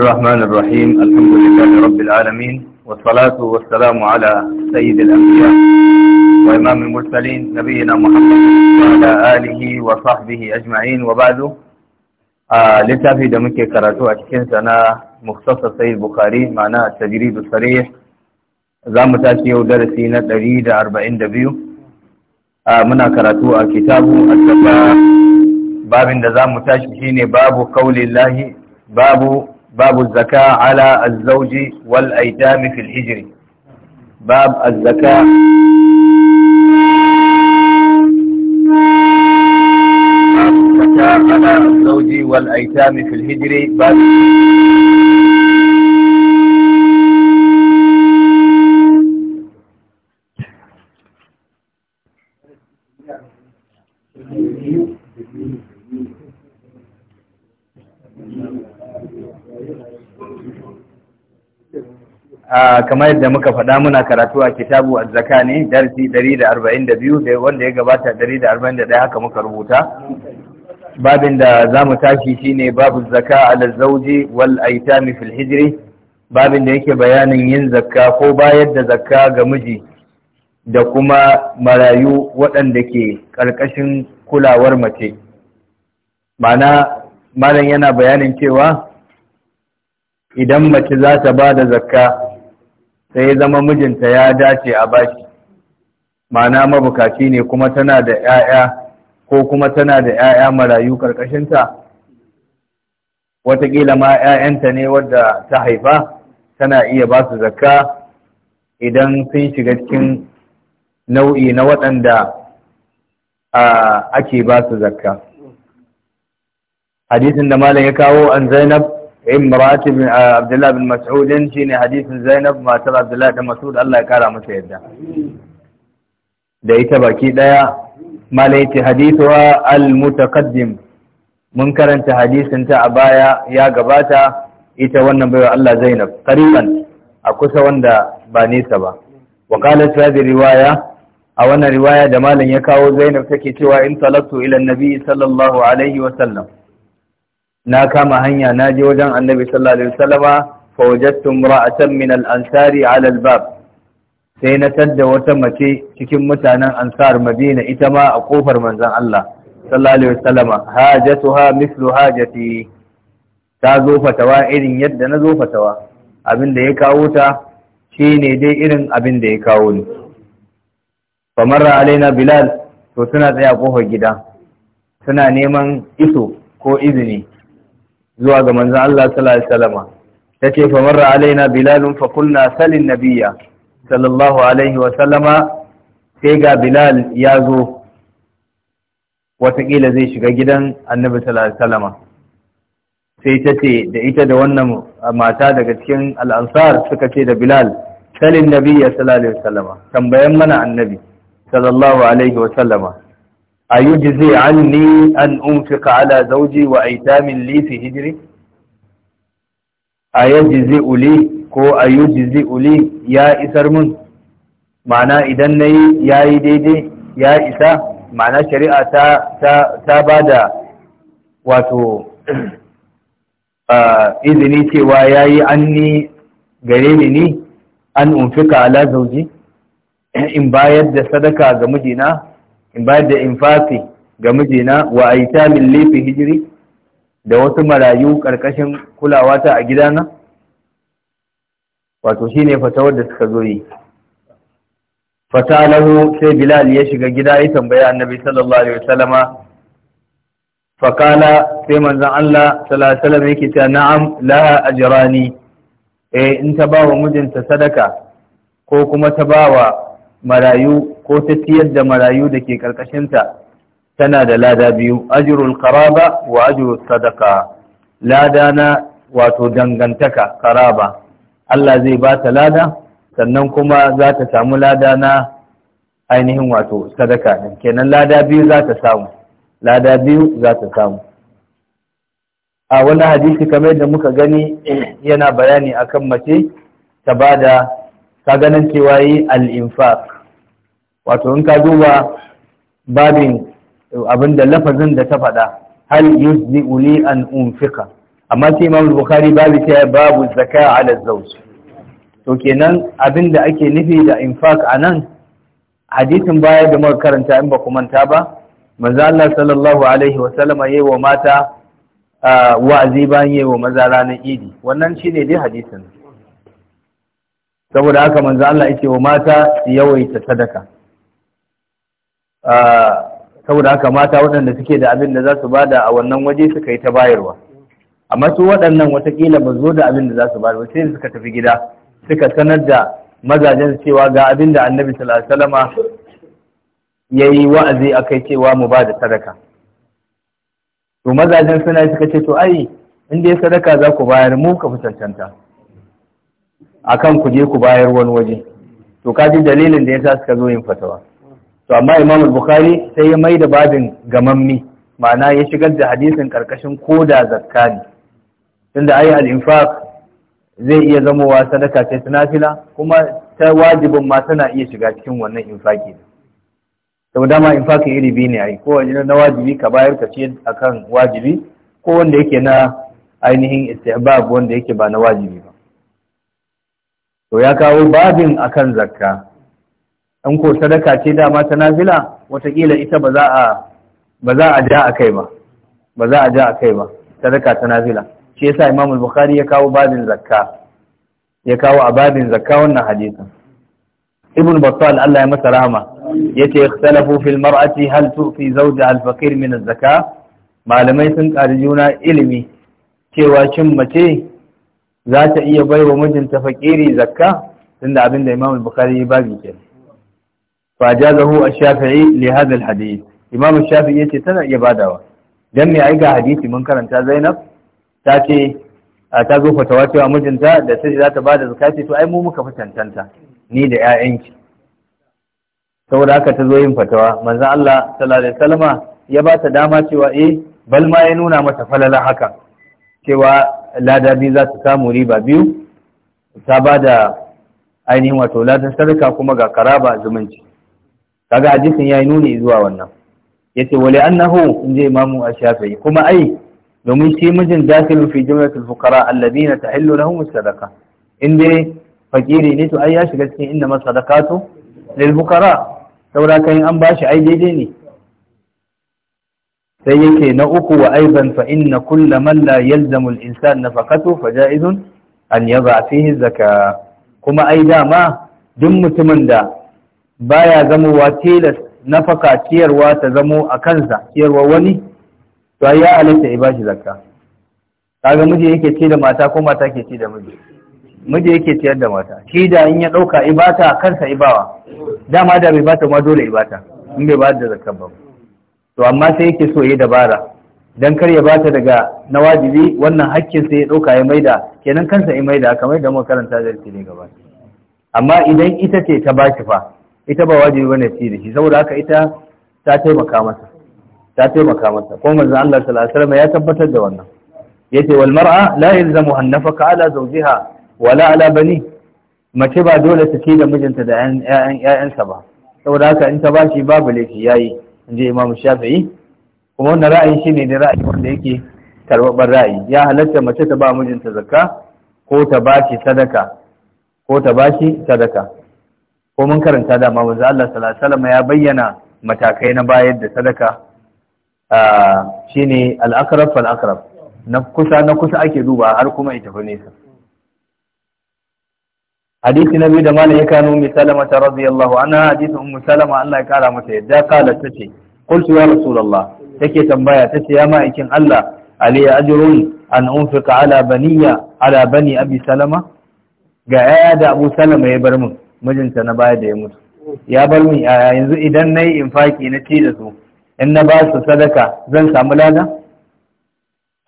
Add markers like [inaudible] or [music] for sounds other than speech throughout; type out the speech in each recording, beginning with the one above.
الرحمن الرحيم الحمد لله رب العالمين والصلاة والسلام على سيد الأنبياء وإمام المرسلين نبينا محمد وعلى آله وصحبه أجمعين وبعد لتافي دمكي كراتو أشكين سنة مختصر سيد بخاري معنى التجريد الصريح زام تاشي ودرسينا تريد أربعين دبيو منا كراتو a kitabu a babin da za mu tashi shine babu باب الزكاة على الزوج والأيتام في الحجر باب الزكاة باب الزكاة على الزوج والأيتام في الهجر باب الزكاة kamar yadda muka faɗa muna karatu a kitabu zaka ne darsi 142 da wanda ya gabata 141 haka muka rubuta babin da za mu tashi shine babu zaka ala zauji wal aitami fil hijri babin da yake bayanin yin zaka ko bayar da zakka ga miji da kuma marayu waɗanda ke ƙarƙashin kulawar mace mana malam yana bayanin cewa idan mace za ta ba da zakka sai ya zama mijinta ya dace a bashi ma'ana mabukaci ne kuma tana da 'ya'ya ko kuma tana da 'ya'ya marayu karkashinta watakila ma 'ya'yanta ne wadda ta haifa tana iya ba su zakka idan sun shiga cikin nau'i na waɗanda ake ba su zakka hadisin da malam ya kawo an zainab imrat bin abdullah bin mas'ud shine hadisin zainab matar abdullah da mas'ud Allah ya kara masa yadda da ita baki daya malaiti wa al-mutaqaddim mun karanta hadisin ta a baya ya gabata ita wannan baiwa Allah zainab kariman a kusa wanda ba nisa ba wa qalat hadhihi riwaya a wannan riwaya da malam ya kawo zainab take cewa in talaqtu ila nabi sallallahu alaihi wa sallam na kama hanya na je wajen annabi sallallahu alaihi wasallama fa min al-ansari 'ala al-bab sai na tadda wata mace cikin mutanen ansar madina ita ma a kofar manzon Allah sallallahu alaihi wasallama hajatuha mithlu hajati ta zo fatawa irin yadda na zo fatawa abin da ya kawo ta shine dai irin abin da ya kawo ni fa marra alaina bilal to suna tsaya kofar gida suna neman iso ko izini zuwa ga manzan Allah sallallahu alaihi wasallam tace fa marra alaina bilal fa kunna salin nabiyya sallallahu alaihi wasallama sai ga bilal ya zo watakila zai shiga gidan annabi sallallahu alaihi wasallama sai ta ce da ita da wannan mata daga cikin al'ansar suka ce da bilal salin nabi ya sallallahu alaihi wasallama tambayan mana annabi sallallahu alaihi wasallama ayujzi anni an unfiqa ala zauji wa aitamin li fi hijri zai uli ko zai uli ya isar mun ma'ana idan na yi ya yi daidai ya isa ma'ana shari'a ta ta ta bada wato izini cewa yayi anni gare ni ni an unfiqa ala zauji? in bayar da sadaka ga mijina in ba da infafi ga mijina wa min lifi hijiri da wasu marayu ƙarƙashin kulawa ta a gidana wato shi ne fatawar da suka zo yi fatalahu sai bilal ya shiga gida ya tambaya annabi sallallahu alaihi wasallama fakala sai manzon Allah sallallahu alaihi wasallam yake cewa na'am laha ajrani eh in ta ba wa mijinta sadaka ko kuma ta ba wa. marayu ko ta ciyar da marayu da ke ƙarƙashinta tana da lada biyu ajirul karaba wa ajirul sadaka lada na wato dangantaka karaba Allah zai ba ta lada sannan kuma za ta samu lada na ainihin wato sadaka kenan lada biyu za ta samu lada biyu za ta samu a wani hadisi kamar da muka gani yana bayani akan mace ta ba da ka ganin cewa yi al wato in ka duba babin eh, abinda lafazin da ta faɗa hal yuzni uli an unfika amma sai imam bukhari babu ta babu zaka ala zawj to kenan abinda ake nufi da infaq nan, hadisin baya da muka karanta in ba ku manta ba manzo Allah sallallahu alaihi wa sallama yayi wa mata ah, wa'azi bayan yayi wa maza ranar idi wannan shine dai hadisin saboda haka manzo Allah yake wa mata yawaita sadaka saboda haka mata waɗanda suke da abin da za su bada a wannan waje suka yi ta bayarwa amma su waɗannan watakila ba zo da abin da za su bada sai suka tafi gida suka sanar da mazajen cewa ga abin da annabi sallallahu alaihi wasallama yayi wa'azi akai cewa mu bada sadaka to mazajen suna suka ce to ai in dai sadaka za ku bayar mu ka fi cancanta akan ku je ku bayar wani waje to kaji dalilin da yasa suka zo yin fatawa to amma Imam Bukhari sai ya mai da babin gamammi ma'ana ya shigar da hadisin karkashin koda zakka ne tunda ayi al-infaq zai iya zamowa sadaka ce ta nafila kuma ta wajibin ma tana iya shiga cikin wannan infaki sau ma infaki iri biyu ne ai ko wani na wajibi ka bayar ka ce akan wajibi ko wanda yake na ainihin istihbab wanda yake ba na wajibi to ya kawo babin akan zakka in ko sadaka ce dama ta nafila watakila ita ba za a ja a kai ba ba za a ja a ba sadaka ta nafila shi yasa Imam al-Bukhari ya kawo babin zakka ya kawo a babin zakka wannan hadisin Ibn Battal Allah ya masa rahama yace ikhtalafu fil mar'ati hal tu'fi zawjaha al-faqir min az malamai sun ƙari juna ilimi cewa cin mace za ta iya bai wa mijinta fakiri zakka tunda abin da Imam Bukhari ya babi ke fajazahu ash-Shafi'i li hadha al-hadith Imam Shafi'i yace tana iya badawa dan me ai ga hadisi mun karanta Zainab ta ce ta zo fatawa cewa mijinta da sai za ta bada zakati to ai mu muka fi ni da ƴaƴanki saboda haka ta zo yin fatawa manzo Allah sallallahu alaihi wasallama ya ba ta dama cewa eh bal ma ya nuna mata falala haka cewa lada biyu za su samu riba biyu ta ba da ainihin wato ladan sadaka kuma ga karaba zumunci kaga hadisin yi nuni zuwa wannan yace wali in je imamu a shafi. kuma ai domin shi mijin dakilu fi jumlatul fuqara alladhina na lahum sadaka. In inde fakiri ne to ai ya shiga cikin inna masadaqatu lil fuqara saboda kai an bashi ai daidai ne sai yake na uku wa aiban fa inna kulla man la yalzamu al-insan nafaqatu fa ja'izun an yadha fihi zaka kuma ai dama duk mutumin da baya wa tilas nafaka ciyarwa ta zamo a kansa ciyarwa wani to ai ya alaita ibashi zakka kaga miji yake ci da mata ko mata ke ci da miji miji yake ciyar da mata shi da in ya dauka ibata kansa ibawa dama da bai bata ma dole ibata in bai bada da zakka ba to amma sai yake so ya dabara dan kar ya bata daga na wajibi wannan hakkin sai ya dauka ya maida kenan kansa ya maida kamar da muka karanta da ne gaba amma idan ita ce ta baki fa ita ba wajibi bane ci da shi saboda haka ita ta taimaka masa ta taimaka masa ko manzo Allah sallallahu alaihi wasallam ya tabbatar da wannan yace wal mar'a la yalzamu an nafaka ala zawjiha wala ala bani mace ba dole ta ci da mijinta da ƴaƴan ƴaƴansa ba saboda haka in ta bashi babu laifi yayi inji Imam Shafi'i kuma wannan ra'ayi shine da ra'ayi wanda yake karɓar ra'ayi ya halatta mace ta ba mijinta zakka ko ta bashi sadaka ko ta shi sadaka ko mun karanta da ma wanzu Allah sallallahu alaihi ya bayyana matakai na bayar da sadaka ah, shine al-aqrab fal-aqrab na kusa na kusa ake duba har kuma ita fa nesa hadisi na biyu da mana ya kano ta radiyallahu anha hadisi ummu salama Allah ya kara masa yadda kala tace qultu ya rasulullah take tambaya ta ce ya ma'aikin Allah ali ajrun an unfiqa ala baniya ala bani abi salama ga yaya da abu salama ya bar min mijinta na baya da ya mutu ya bar min yaya yanzu idan nayi infaki na ci da su in na ba su sadaka zan samu lada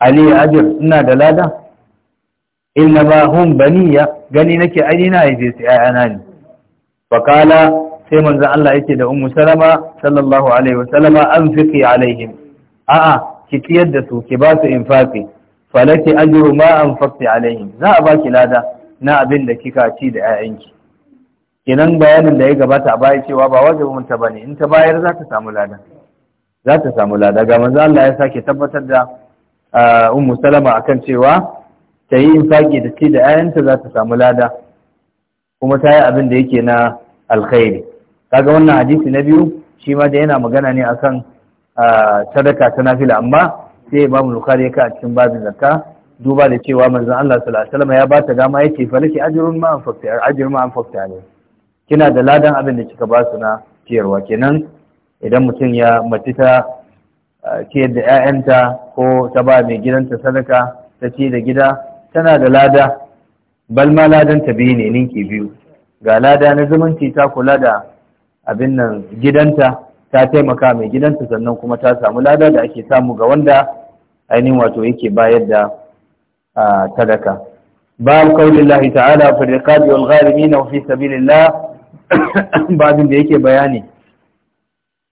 ali ajr ina da lada inna hun bani baniya gani nake ai na yaje su ana ne fa kala sai manzo Allah yake da ummu salama sallallahu alaihi wa sallama anfiqi alaihim a'a ki tiyar da su ki ba su infaqi falaki ajru ma anfaqti alaihim za a baki lada na abin da kika ci da 'ya'yanki. kenan bayanin da ya gabata a baya cewa ba mun ta bane in ta bayar za ta samu lada za ta samu lada ga manzo Allah ya sake tabbatar da ah, ummu salama akan cewa ta yi infaki da ce da 'ya'yanta za ta samu lada kuma ta yi abin da yake na alkhairi kaga wannan hadisi na biyu shi ma da yana magana ne akan sadaka ta nafila amma sai babu Bukhari ya ka a cikin babin zakka duba da cewa manzon Allah sallallahu alaihi wasallam ya ba ta dama yake fa laki ajrun ma anfaqta ajrun ma anfaqta ne kina da ladan abin da kika ba su na ciyarwa kenan idan mutum ya mace ta ciyar da 'ya'yanta ko ta ba mai gidanta sadaka ta ci da gida tana da lada bal ma ladan ta biyu ne ninki biyu ga lada na zumunci ta kula da abin nan gidanta ta taimaka mai gidanta sannan kuma ta samu lada da ake samu ga wanda ainihin wato yake bayar da sadaka باب قول الله تعالى في الرقاب والغارمين وفي سبيل الله babin da yake bayani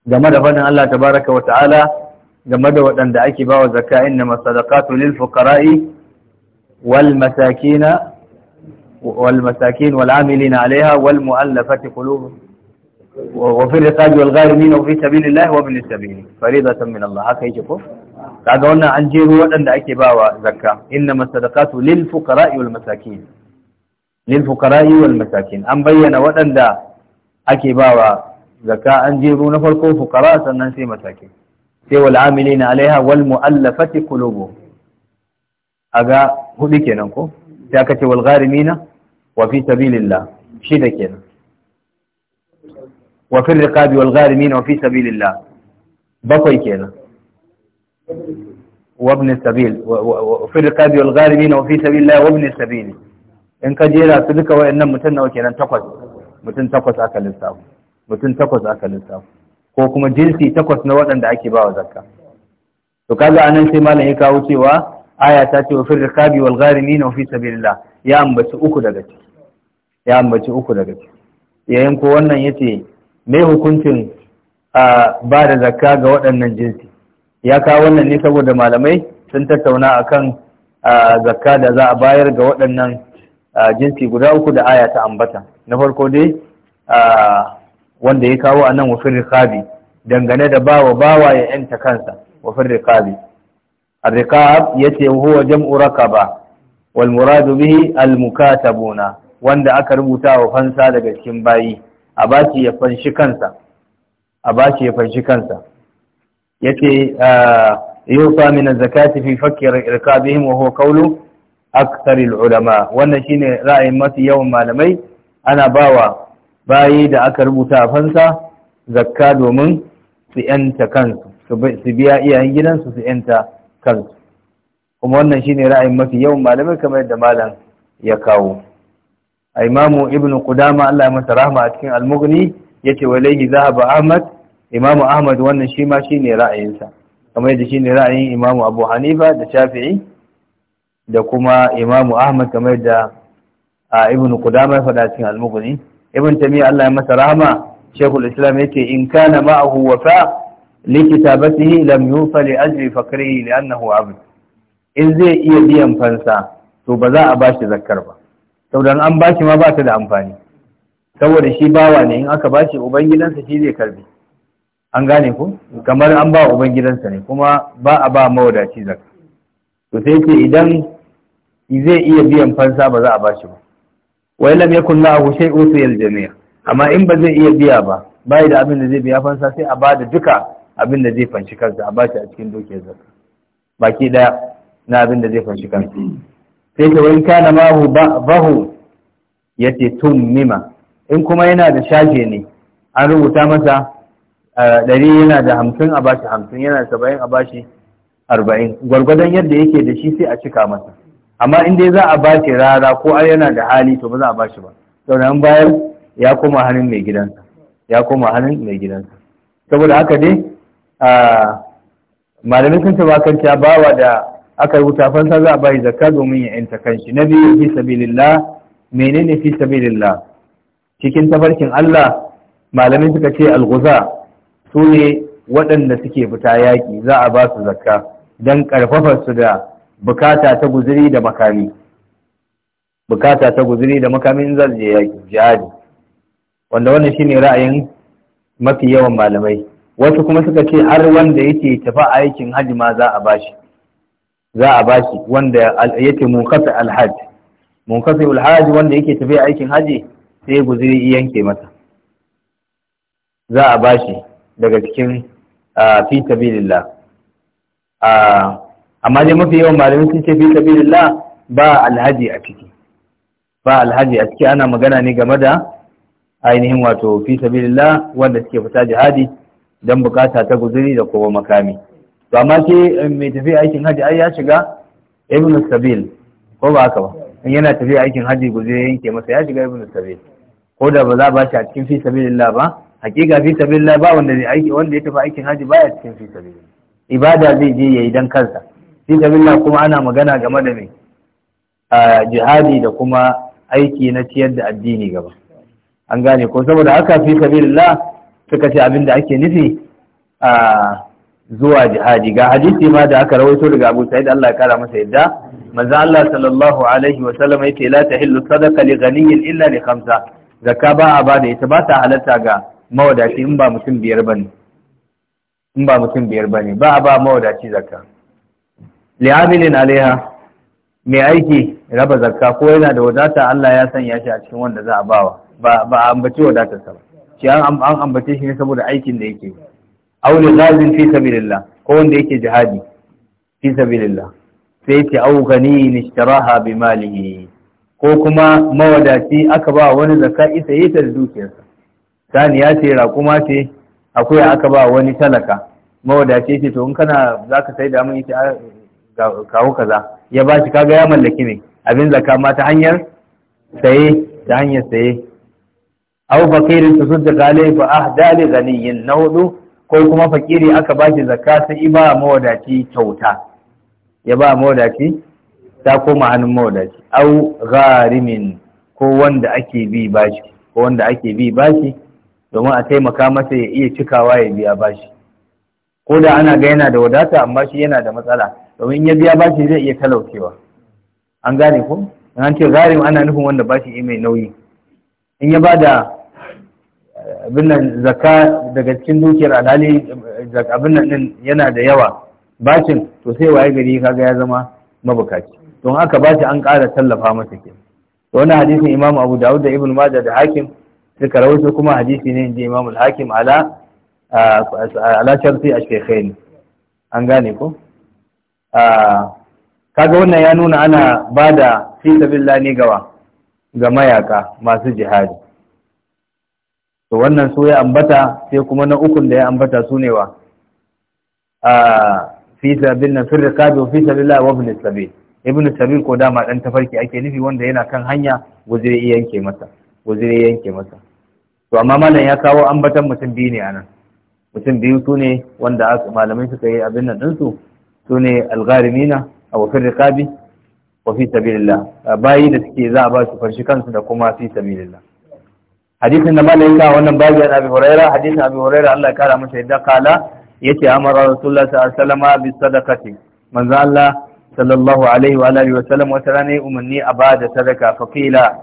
game da fadin Allah ta baraka wa ta'ala game da waɗanda ake bawa zakka na masadaqatu lil fuqara'i والمساكين والمساكين والعاملين عليها والمؤلفة قلوب وفي الرقاب والغارمين وفي سبيل الله وابن السبيل فريضة من الله haka yake ko kaga wannan an jero waɗanda ake bawa zakka innamas sadaqatu lil fuqara'i wal lil fuqara'i wal an bayyana waɗanda ake bawa zakka an jero na farko fuqara sannan sai masakin sai wal amilina aga hudu kenan ko sai kace ce wal gharimina wa fi sabilillah shida kenan wa fi riqabi wal gharimina wa fi sabilillah bakwai kenan wa ibn sabil wa fi riqabi wal gharimina wa fi sabilillah wa sabil in ka jera su duka wayannan mutun nawa kenan takwas mutun takwas aka lissafa mutun takwas aka lissafa ko kuma jinsi takwas na waɗanda ake ba wa zakka to kaga anan sai malam ya kawo cewa aya ta ce wa rikabi wal nina wafi sabi lila ya ambaci uku daga ciki ya ambaci uku daga ciki yayin ko wannan ya ce mai hukuncin a ba da zakka ga waɗannan jinsi ya kawo wannan ne saboda malamai sun tattauna a kan zakka da za a bayar ga waɗannan jinsi guda uku da aya ta ambata na farko dai wanda ya kawo a nan wafin rikabi dangane da bawa bawa ya yanta kansa wafin rikabi الرقاب يتي هو جمع رقبة والمراد به المكاتبون wanda aka rubuta wa fansa daga cikin bayi a bashi ya fanshi kansa a ya fanshi kansa yace yusa min zakati fi fakir irkabihim wa huwa qawlu akthar al-ulama wannan shine ra'ayin mafi yawan malamai ana bawa bayi da aka rubuta a fansa zakka domin su yanta kansu su biya iyayen gidansu su yanta kansu kuma wannan shine ra'ayin mafi yawan malamai kamar yadda malam ya kawo a imamu ibn qudama Allah ya masa rahma a cikin al-mughni yace walayhi zahaba ahmad imamu ahmad wannan shi ma shine ra'ayinsa kamar yadda shine ra'ayin imamu abu hanifa da shafi'i da kuma imamu ahmad kamar yadda a ibn qudama ya faɗa cikin al ibn tamiya Allah ya masa rahma shaykhul islam yace in kana ma'ahu wafa likitabatin in zai iya biyan fansa to ba za a bashi zakkar ba saboda an ma da amfani saboda shi bawa ne in aka shi zai karbi an gane ku kamar an ba ubangidansa ne kuma ba a ba mawadaci zakka to sai ce idan zai iya biyan fansa ba za a shi ba wai lam yakun lahu shay'un fi al jami'a? amma in ba zai iya biya ba bai da abin da zai biya fansa sai a ba da duka abin da zai fanshi kansa a bashi a cikin dukiyar zaka baki daya na abin da zai fanshi kansa sai ta wani kana mahu bahu ya ce tun mima in kuma yana da shafe ne an rubuta masa ɗari yana da hamsin a bashi hamsin yana da saba'in a bashi arba'in gwargwadon yadda yake da shi sai a cika masa amma in dai za a bashi rara ko ai yana da hali to ba za a bashi ba saboda an bayar ya koma hannun mai gidansa ya koma hannun mai gidansa saboda haka dai A malamin sun taba kan cewa bawa da aka rubuta fansa za a bayi zakka domin ya yanta kanshi na biyu fi sabilillah menene fi sabilillah cikin tafarkin Allah malamin suka ce alguza su ne waɗanda suke fita yaƙi za a ba su zakka don ƙarfafa da bukata ta guziri da makami bukata ta guziri da makami, in za su je yaƙi jihadi wanda wannan shine ra'ayin mafi yawan malamai wasu kuma suka ce har wanda yake tafi aikin hajji ma za a bashi za a bashi wanda yake munkasa alhaji munkasa alhaji wanda yake tafi aikin hajji sai guziri yanke masa za a bashi daga cikin fi sabilillah amma dai mafi yawan malamai sun ce fi sabilillah ba alhaji a ciki ba alhaji a ciki ana magana ne game da ainihin wato fi sabilillah wanda suke fita jihadi don bukata ta guzuri da kowa makami to amma ke eh, mai tafi aikin haji ai ya shiga ibn sabil ko ba haka ba in yana tafi aikin haji guzuri yanke masa ya shiga ibn sabil ko da ba za ba shi a cikin fi sabilillah ba hakika fi sabilillah ba wanda aiki wanda ya tafi aikin haji baya cikin fi sabilillah ibada zai je yayi dan kansa fi sabilillah kuma ana magana game da me jihadi da kuma aiki na ciyar da addini gaba an gane ko saboda haka fi sabilillah suka ce abin da ake nufi a zuwa jihadi ga hadisi ma da aka rawaito daga Abu Sa'id Allah ya kara masa yadda manzo Allah sallallahu alaihi wa sallam yace la tahillu sadaqa li ghaniyin illa li khamsa zakka ba a bada ita ba ta halatta ga mawadaci in ba mutum biyar bane in ba mutum biyar bane ba a ba mawadaci zakka li amilin alaiha mai aiki raba zakka ko yana da wadata Allah ya sanya shi a cikin wanda za a bawa ba ba ambaci wadatarsa ba shi an ambace shi ne saboda aikin da yake aure ghazin fi sabilillah ko wanda yake jihadi fi sabilillah sai ce au gani nishtaraha bi malihi ko kuma mawadaci aka ba wani zakka isa yi ta dukiyarsa sani ya ce raƙuma ce akwai aka ba wani talaka mawadaci ce to in kana zaka sai da mun yi kawo kaza ya ba shi kaga ya mallaki ne abin zakka ma ta hanyar saye ta hanyar saye aw fakirin tasaddaqa alayhi fa ahda li ghaniyin na hudu ko kuma fakiri aka bashi zakka sai ba mawadaci kyauta ya ba mawadaci ta koma hannun mawadaci aw gharimin ko wanda ake bi bashi ko wanda ake bi bashi domin a taimaka masa ya iya cikawa ya biya bashi ko da ana ga yana da wadata amma shi yana da matsala domin ya biya bashi zai iya talaucewa an gane ko an ce gharim ana nufin wanda bashi mai nauyi in ya bada abin nan daga cikin dukiyar alhali abin nan din yana da yawa bacin to sai waye gari kaga ya zama mabukaci don haka bashi an ƙara tallafa masa ke wani hadisin imam abu dawud da ibn majah da hakim suka rawaito kuma hadisi ne inji imam al-hakim ala ala sharti an gane ko kaga wannan ya nuna ana bada fi sabilillah ne gawa ga mayaka masu jihadi to wannan su ya ambata sai kuma na ukun da ya ambata su ne wa a fi sabil na firar kabi fi sabilillah wa ibn sabil ibn sabil ko dama dan tafarki ake nufi wanda yana kan hanya guzuri yanke masa guzuri yanke masa to amma malam ya kawo ambatan mutum biyu ne anan mutum biyu su ne wanda malamai suka yi abin nan ɗinsu su ne algarimina a wafin rikabi wa fi sabilillah bayi da suke za a ba su farshi kansu da kuma fi lillah hadisin da malaika wannan babu an abi huraira hadisin abi huraira Allah ya kara masa yadda kala yace amara rasulullah sallallahu alaihi wasallam bi sadaqati manzo Allah sallallahu alaihi wa alihi wa sallam wata rana umanni a ba da sadaka fafila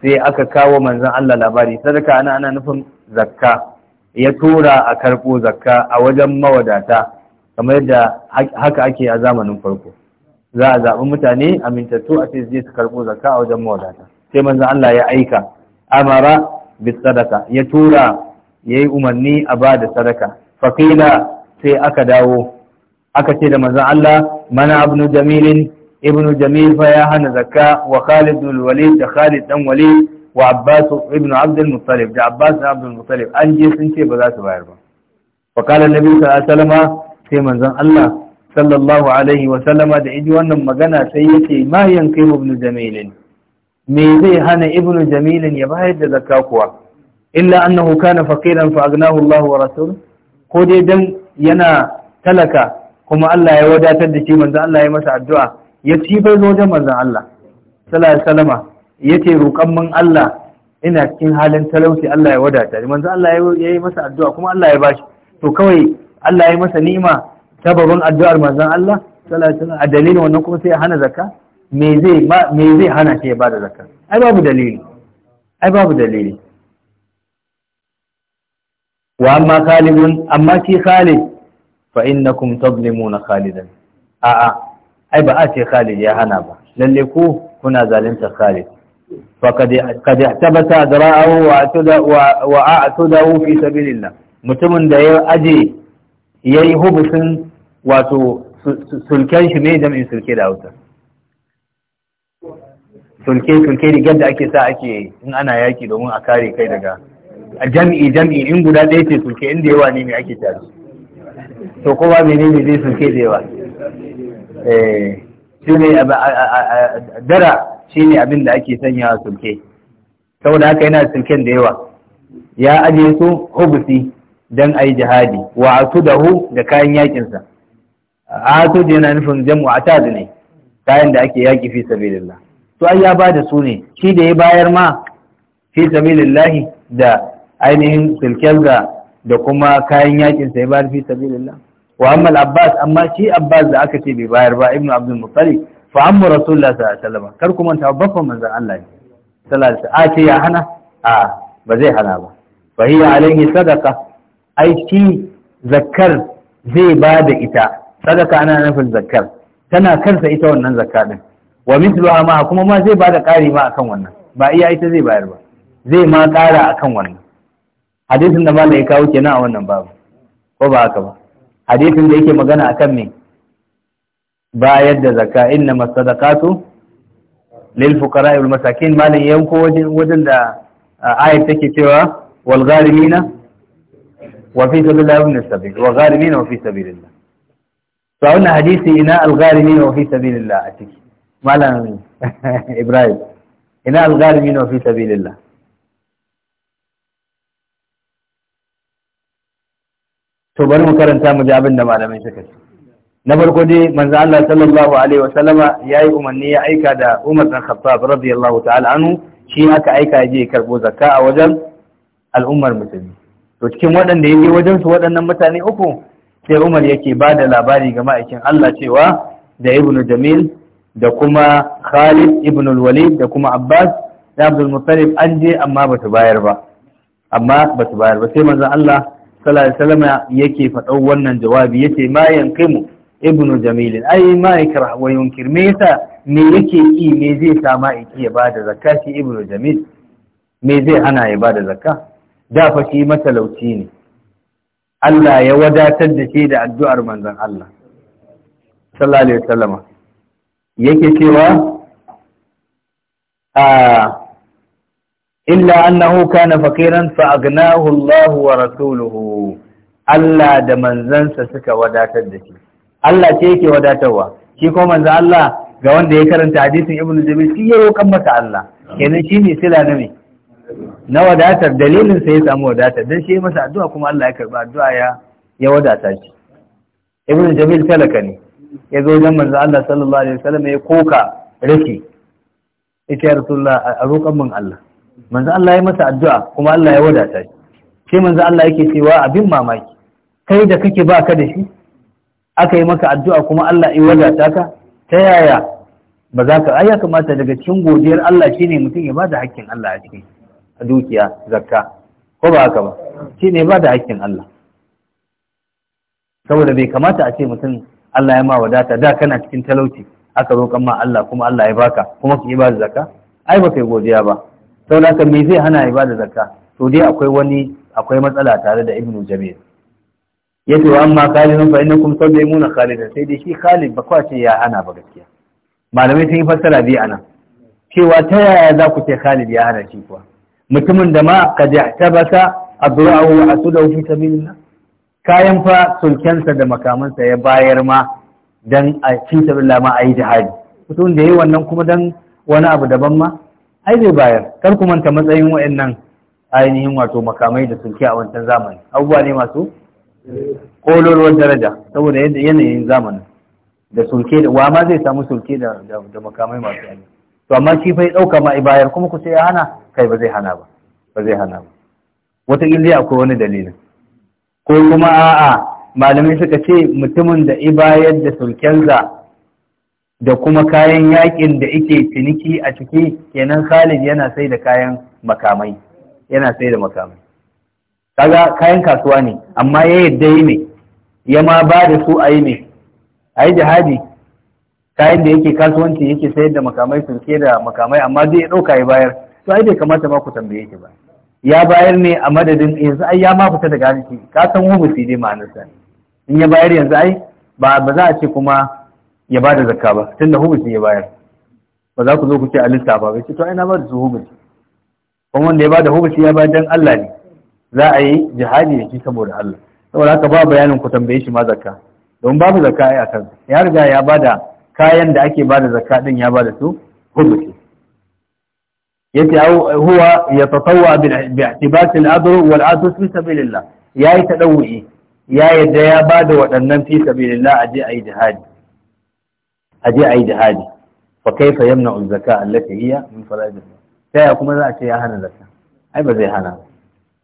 sai aka kawo manzon Allah labari sadaka ana ana nufin zakka ya tura a karbo zakka a wajen mawadata kamar yadda haka ake a zamanin farko za a zaɓi mutane amintattu a ce su su karɓo zakka a wajen mawadata sai manzon Allah ya aika amara bis sadaka ya tura ya yi umarni a ba da sadaka faqila sai aka dawo aka ce da manzon Allah mana ibnu jamilin ibnu jamil fa ya hana zakka wa Khalid ibn Walid da Khalid dan Walid wa Abbas ibn Abd al-Muttalib da Abbas ibn Abd al-Muttalib an je sun ce ba za su bayar ba fa qala an-nabi sallallahu alaihi wasallam sai manzon Allah sallallahu alaihi wasallam da iji wannan magana sai yace ma yanqimu ibn jamilin me zai hana ibnu jamilin ya bayar da zakka kuwa illa annahu kana faqiran fa agnahu Allah wa rasul ko dai dan yana talaka kuma Allah ya wadatar da shi manzo Allah ya masa addu'a ya ci bai zo da manzo Allah sallallahu alaihi wasallama yace roƙan mun Allah ina cikin halin talauci Allah ya wadata manzo Allah ya yi masa addu'a kuma Allah ya bashi to kawai Allah ya masa ni'ima sababin addu'ar manzon Allah sallallahu alaihi wasallam a dalilin wannan kuma sai ya hana zakka me zai hana shi ya bada zakka ai babu dalili ai babu dalili wa amma khalidun amma shi khalid fa innakum tadlimuna khalidan a a ai ba a ce khalid ya hana ba lalle ku kuna zalunta khalid fa kad ihtabata adra'ahu wa atada wa a'tadahu fi sabilillah mutumin da ya aje yayi hubusin wato sulken shi me jam'in sulke da hausa sulke sulke rigar da ake sa ake in ana yaki domin a kare kai daga a jam'i jam'i in guda ɗaya ce sulke inda yawa ne mai ake tare to kowa menene zai sulke da yawa eh shine dara shine abin da ake sanya sulke saboda haka yana sulken da yawa ya aje su hubusi dan ayi jihadi wa atudahu da kayan yakin sa atud yana nufin jam'u atad ne kayan da ake yaki fi sabilillah to ai ya ba da su ne shi da ya bayar ma fi sabilillahi da ainihin silken da da kuma kayan yakin sa ya bayar fi sabilillah wa amma abbas amma shi abbas da aka ce bai bayar ba ibnu abdul muttalib fa amma rasulullah sallallahu alaihi wasallam kar kuma ta babban manzon Allah ne sallallahu alaihi a ce ya hana a ba zai hana ba fa hiya alaihi sadaqa ai shi zakkar zai ba da ita sadaka ana nufin zakkar tana kansa ita wannan zakka din wa mithluha ma kuma ma zai bada ƙari ma akan wannan ba iya ita zai bayar ba zai ma ƙara akan wannan hadisin da malai ya kawo kenan a wannan babu ko ba haka ba hadisin da yake magana akan me bayar da zakka inna masadaqatu lil fuqara'i wal masakin malai yanko wajen wajen da ayat take cewa wal gharimina wa fi sabilillah ibn sabil wa gharimina wa fi sabilillah to wannan hadisi ina al gharimina wa fi sabilillah a ciki malam [laughs] ibrahim ina algarimi na fi sabilillah to bari mu karanta mu ji abin da malamai suka ce na farko dai manzo Allah sallallahu alaihi wa sallama yayi umarni ya aika da Umar bin Khattab radiyallahu ta'ala anhu shi aka aika ya je karbo zakka a wajen al'ummar musulmi to cikin waɗanda yake wajen su waɗannan mutane uku sai Umar yake ba da labari ga ma'aikin Allah cewa da ibnu Jamil da kuma Khalid ibn al-Walid da kuma Abbas da Abdul Muttalib an je amma ba su bayar ba amma ba su bayar ba sai manzon Allah sallallahu alaihi wasallam yake faɗau wannan jawabi yace ma yankimu ibn Jamil ai ma yakrah wa yunkir me yasa me yake ki me zai sa ma yake ya bada zakka shi ibn Jamil me zai ana ya bada zakka da fa shi matalauci ne Allah ya wadatar da shi da addu'ar manzon Allah sallallahu alaihi wasallam yake cewa a ah, illa annahu kana faqiran fa agnahu Allah wa rasuluhu Allah da manzansa suka wadatar da shi Allah ce yake wadatarwa shi ko manzo Allah ga wanda ya karanta hadisin Ibn Jabir shi ya roƙan masa Allah kenan shi ne sila na me na wadatar dalilin sa ya samu wadatar dan shi masa addu'a kuma Allah ya karba addu'a ya ya wadata shi Ibn Jabir talaka ne ya zo wajen manzo Allah sallallahu alaihi wasallam ya koka rashi ita ya rasulullah a roƙon min Allah manzo Allah ya masa addu'a kuma Allah ya wadata shi sai manzo Allah yake cewa abin mamaki kai da kake ba ka da shi aka yi maka addu'a kuma Allah ya wadata ka ta yaya ba za ka ai ya kamata daga cikin godiyar Allah shine mutum ya bada hakkin Allah a cikin dukiya zakka ko ba haka ba shine bada hakkin Allah saboda bai kamata a ce mutum Allah ya ma wadata da kana cikin talauci aka roƙan ma Allah kuma Allah ya baka kuma yi ibada zakka ai ba kai godiya ba saboda haka me zai hana ibada zakka to dai akwai wani akwai matsala tare da Ibn Jabir yace wa amma kalin fa innakum tudimuna khalidan sai dai shi Khalid ba ce ya hana ba gaskiya malamai sun yi fassara biyu anan cewa ta yaya za ku ce Khalid ya hana shi kuwa mutumin da ma kad yahtabasa adra'ahu wa asudahu fi sabilillah kayan fa sulkensa da makamansa ya bayar ma dan a fi sabilla ma a yi jihadi mutum da yi wannan kuma dan wani abu daban ma ai zai bayar kar ku manta matsayin wayannan ainihin wato makamai da sulke a wancan zamani abubuwa ne masu kololuwar daraja saboda yanayin zamani da sulke da wa ma zai samu sulke da da makamai masu yanzu to amma shi fa ya dauka ma bayar kuma ku sai ya hana kai ba zai hana ba ba zai hana ba wata akwai wani dalilin ko kuma a'a malamai suka ce mutumin da ibayar da sulkenza da kuma kayan yakin da ike ciniki a ciki kenan Khalid yana sai da kayan makamai yana sai da makamai kaga kayan kasuwa ne amma ya yadda yi ne ya ma ba da su a yi ne a yi jihadi kayan da yake kasuwanci yake sayar da makamai sulke da makamai amma zai ya ɗauka ya bayar to ai bai kamata ma ku tambaye shi ba ya bayar ne a madadin yanzu ai ya ma fita daga hanci ka san humusi dai ma'anarsa in ya bayar yanzu ai ba ba za a ce kuma ya ba da zakka ba tunda humusi ya bayar ba za ku zo ku ce a lissafa ba ce to ai na ba da su humusi kuma wanda ya ba da humusi ya bayar dan Allah ne za a yi jihadi da shi saboda Allah saboda haka ba bayanin ku tambaye shi ma zakka don babu zakka ai a kan ya riga ya ba da kayan da ake ba da zakka din ya ba da su humusi yace huwa yatatawwa bi ihtibas al-adr wal adr fi sabilillah yayi tadawwi ya yadda ya bada waɗannan fi sabilillah aje ayi jihadi aje ayi jihadi fa kaifa yamna'u az-zakah allati hiya min fara'id sai kuma za a ce ya hana zakka ai ba zai hana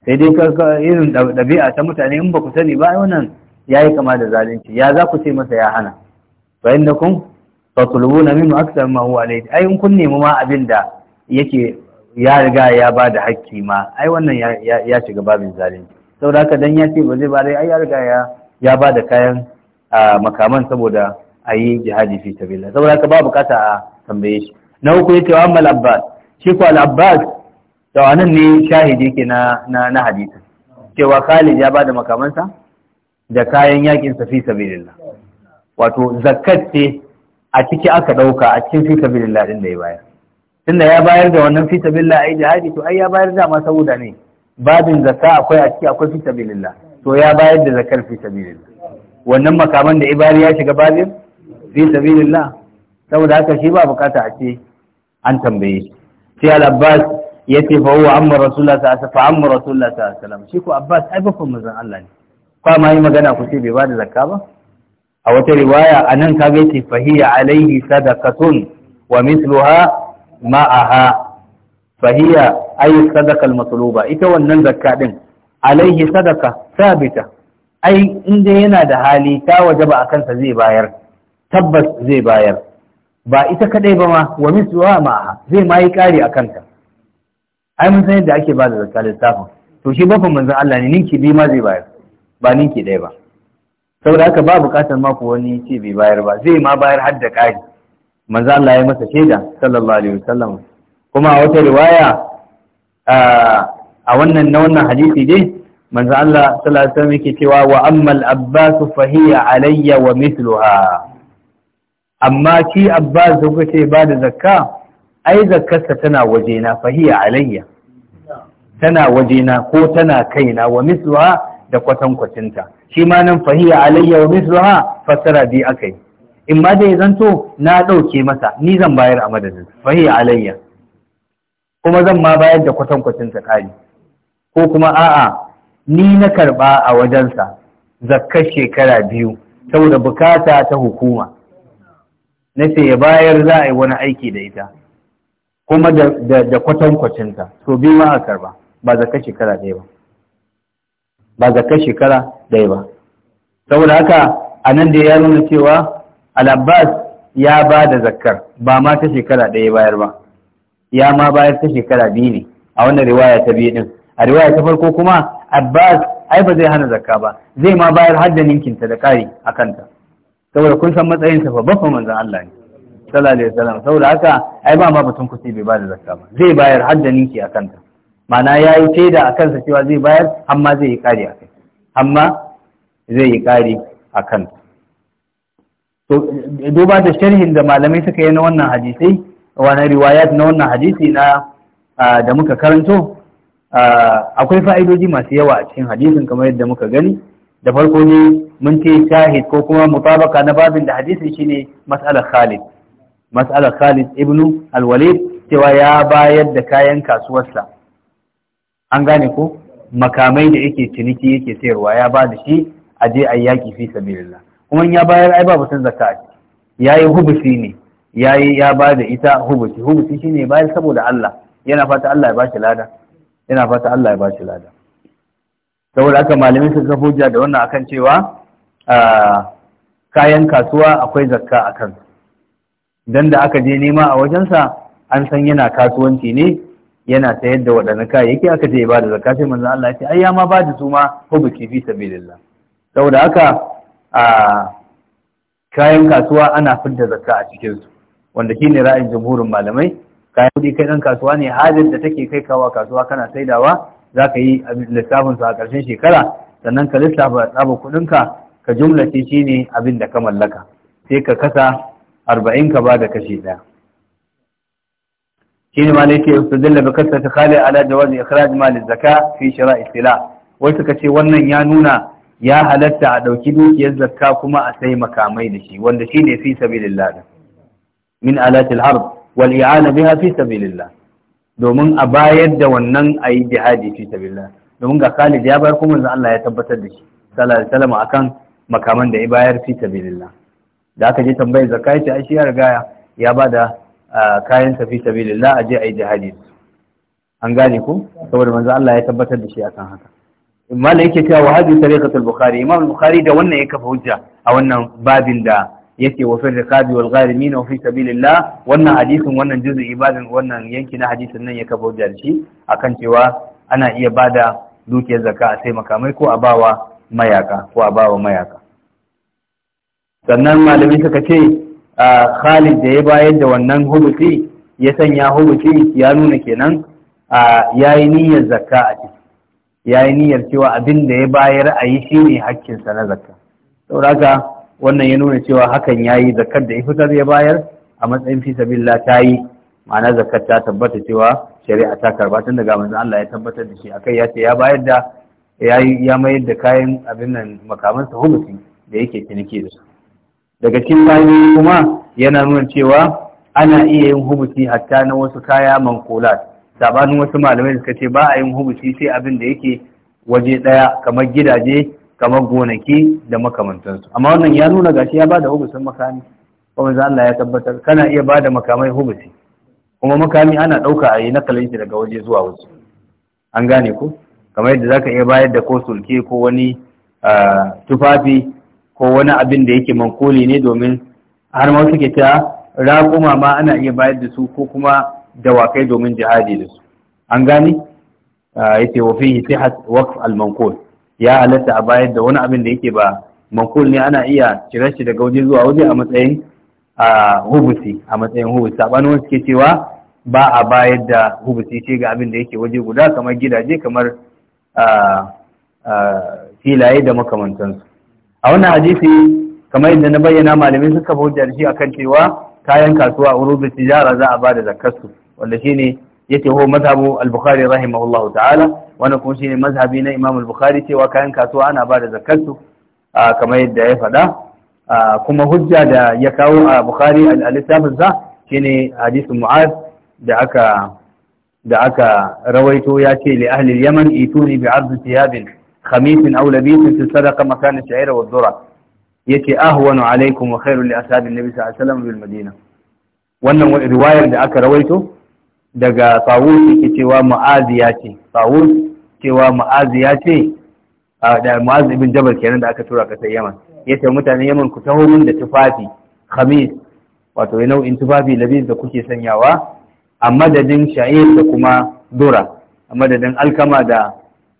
sai dai irin ɗabi'a ta mutane in ba ku sani ba wannan yayi kama da zalunci ya za ku ce masa ya hana fa innakum tatlubuna minhu akthar ma huwa alayhi ai in kun nemi ma abin da yake ya riga ya ba da hakki ma ai wannan ya shiga babin zalunci saboda haka dan ya ce ba zai ba dai ai ya riga ya ba da kayan makaman saboda a yi jihadi fi sabilillah saboda haka ba bukata a tambaye shi na uku yace wa amal abbas shi ko al-abbas to anan ne shahidi ke na na, na hadisi Khalid ya ba da makamansa da kayan yakin sa fi sabilillah wato zakat ce a ciki aka dauka a cikin fi sabilillah din da ya bayar tunda ya bayar da wannan fi sabilillah ai jihadi to ai ya bayar da ma saboda ne babin zakka akwai a ciki akwai fi sabilillah to ya bayar da zakar fi sabilillah wannan makaman da ibari ya shiga babin fi sabilillah saboda haka shi ba bukata a ce an tambaye shi sai al-abbas yace fa huwa amma rasulullah sallallahu alaihi wasallam amma rasulullah sallallahu alaihi shi ko abbas ai ba manzon Allah ne kwa ma yi magana ku ce bai ba da zakka ba a wata riwaya anan kage ce fahiya alaihi sadaqatun wa mithluha ma'aha fahiya ay sadaka al-matluba ita wannan zakka din alaihi sadaka sabita ai inda yana da hali ta wajaba akan sa zai bayar tabbas zai bayar ba ita kadai ba ma wa misluha ma'aha zai ma yi kari akan ta ai mun san yadda ake ba da zakka lissafin to shi bafin manzon Allah ne ninki bi ma zai bayar ba ninki ɗaya ba saboda haka ba bukatar ma ku wani ce bai bayar ba zai ma bayar har da kari manzo Allah ya masa shaida sallallahu alaihi wasallam kuma a wata riwaya a wannan na wannan hadisi dai manzo Allah sallallahu alaihi wasallam yake cewa wa ammal abbas fa hiya alayya wa mithluha amma ki abbas da kuka ce ba da zakka ai zakkarsa tana na fa hiya alayya tana na ko tana kaina wa mithluha da kwatankwacinta shi ma nan fa hiya alayya wa mithluha fasara bi akai in ma dai zanto na ɗauke masa ni zan bayar a madadin fahi alayya kuma zan ma bayar da kwatan kwatan kari ko kuma a'a ni na karɓa a wajensa zakkar shekara biyu saboda bukata ta hukuma na ce ya bayar za a yi wani aiki da ita kuma da kwatankwacinta to biyu ma a karba ba zaka shekara ɗaya ba ba zaka shekara ɗaya ba saboda haka a nan da ya nuna cewa al-abbas ya ba da zakkar ba ma ta shekara ɗaya bayar ba ya ma bayar ta shekara biyu ne a wannan riwaya ta biyu din a riwaya ta farko kuma abbas ai ba zai hana zakka ba zai ma bayar har da ninkinta da kari a kanta saboda kun san matsayin sa fa babban manzon Allah ne sallallahu alaihi wasallam saboda haka ai ba ma batun kusi bai ba da zakka ba zai bayar har da ninki a kanta ma'ana yi shaida a kansa cewa zai bayar amma zai yi kari a kai amma zai yi kari a kanta duba da sharhin da malamai suka yi na wannan hadisai wani riwayat na wannan hadisi na da muka karanto akwai fa'idoji masu yawa a cikin hadisin kamar yadda muka gani da farko ne mun ce shahid ko kuma mutabaka na babin da hadisi shine mas'alar Khalid mas'alar Khalid ibnu al-Walid cewa ya bayar da kayan kasuwarsa an gane ko makamai da yake ciniki yake sayarwa ya ba da shi a je a yaki fi sabilillah kuma ya bayar ai ba san zakka yayi hubusi ne yayi ya ba da ita hubusi hubusi shine bayar saboda Allah yana fata Allah ya bashi lada yana fata Allah ya bashi lada saboda haka malamin ka hujja da wannan akan cewa kayan kasuwa akwai zakka a kan dan da aka je nema a wajensa an san yana kasuwanci ne yana sayar da waɗannan kayayyaki aka je ba da zakka sai manzo Allah ya ce ai ya ma ba da su ma hubuki fi sabilillah saboda haka a kayan kasuwa ana fidda zakka a cikin su wanda shine ra'ayin jamhurin malamai kayan kuɗi kai dan kasuwa ne halin da take kai kawa kasuwa kana saidawa za ka yi lissafin sa a ƙarshen shekara sannan ka lissafa tsabar kuɗinka ka jumlace shi shine abin da ka mallaka sai ka kasa 40 ka ba da kashi ɗaya shi ne malai ce su dilla bi kasa ta kale ala jawazi ikhraj mal zakka fi shira'i sila wai suka ce wannan ya nuna ya halatta a ɗauki dukiyar zakka kuma a sai makamai da shi wanda shi ne fi sabilillah min alatil harb wal i'ana biha fi sabilillah domin a bayar da wannan a yi jihadi fi sabilillah domin ga Khalid ya bayar kuma Allah ya tabbatar da shi sallallahu alaihi wasallam akan makaman da ya bayar fi sabilillah da aka je tambayar zakka ya ce ai shi ya riga ya bada kayan sa fi sabilillah aje je a yi jihadi an gane ku saboda manzo Allah ya tabbatar da shi akan haka malam yake cewa wa hadhihi tariqatul bukhari imam bukhari da wannan ya kafa hujja a wannan babin da yake wa fil riqabi wal ghalimin wa fi sabilillah wannan hadisin wannan juzu ibadin wannan yanki na hadisin nan ya kafa hujja da shi akan cewa ana iya bada dukiyar zakka a sai makamai ko a bawa mayaka ko a bawa mayaka sannan malami suka ce Khalid da ya bayar da wannan hubuti ya sanya hubuti ya nuna kenan yayi niyyar zakka a ciki ya yi niyyar cewa abin da ya bayar a yi shi ne hakkinsa na zakka sauraka wannan ya nuna cewa hakan ya yi zakkar da ya fitar ya bayar a matsayin fi billa ta yi ma'ana zakkar ta tabbata cewa shari'a ta karba tun daga manzon Allah ya tabbatar da shi akai ya ce ya bayar da ya mayar da kayan abin nan makamansa hulusi da yake ciniki da su daga cikin bayan kuma yana nuna cewa ana iya yin hubusi hatta na wasu kaya mankulat sabanin wasu malamai suka ce ba a yin hubusi sai abin da yake waje ɗaya kamar gidaje kamar gonaki da makamantansu amma wannan ya nuna gashi ya bada hubusin makami kuma za Allah ya tabbatar kana iya bada makamai hubusi kuma makami ana ɗauka a yi na shi daga waje zuwa waje an gane ko kamar yadda ka iya bayar da ko sulke ko wani tufafi ko wani abin da yake mankoli ne domin har ma suke ta raƙuma ma ana iya bayar da su ko kuma dawakai domin jihadi da su an gane ah, ce wa fihi sihat waqf al-manqul ya halatta a bayar da wani abin da yake ba manqul ne ana iya cire shi daga waje zuwa waje a matsayin hubusi a matsayin hubusi sabanin wasu ke cewa ba a bayar da hubusi ce ga abin da yake waje guda kamar gidaje kamar filaye da makamantansu a wannan hadisi kamar yadda na bayyana malamin suka fi hujjar shi akan cewa kayan kasuwa urubi tijara za a ba da zakarsu wanda ya yake ho mazhabu al-bukhari rahimahullahu ta'ala wannan kuma shine mazhabi na imam al-bukhari cewa kayan kasuwa ana ba da zakarsu kamar yadda ya faɗa kuma hujja da ya kawo a bukhari al-alisafin sa shine hadisin mu'az da aka da aka rawaito ya ce li ahli yaman ituni bi 'abd thiyabin خميس أو لبيس في الصدقة shaira wa والذرة yace ahwanu alaikum wa khairu li ashabin nabi sallallahu alaihi wasallam bil madina wannan riwayar da aka rawaito daga tawus yake cewa ya ce tawus cewa ya ce da mu'az ibn jabal kenan da aka tura kasar yaman yace mutanen yaman ku taho mun da tufafi khamis wato nau'in tufafi labis da kuke sanyawa a madadin sha'ir da kuma dora a madadin alkama da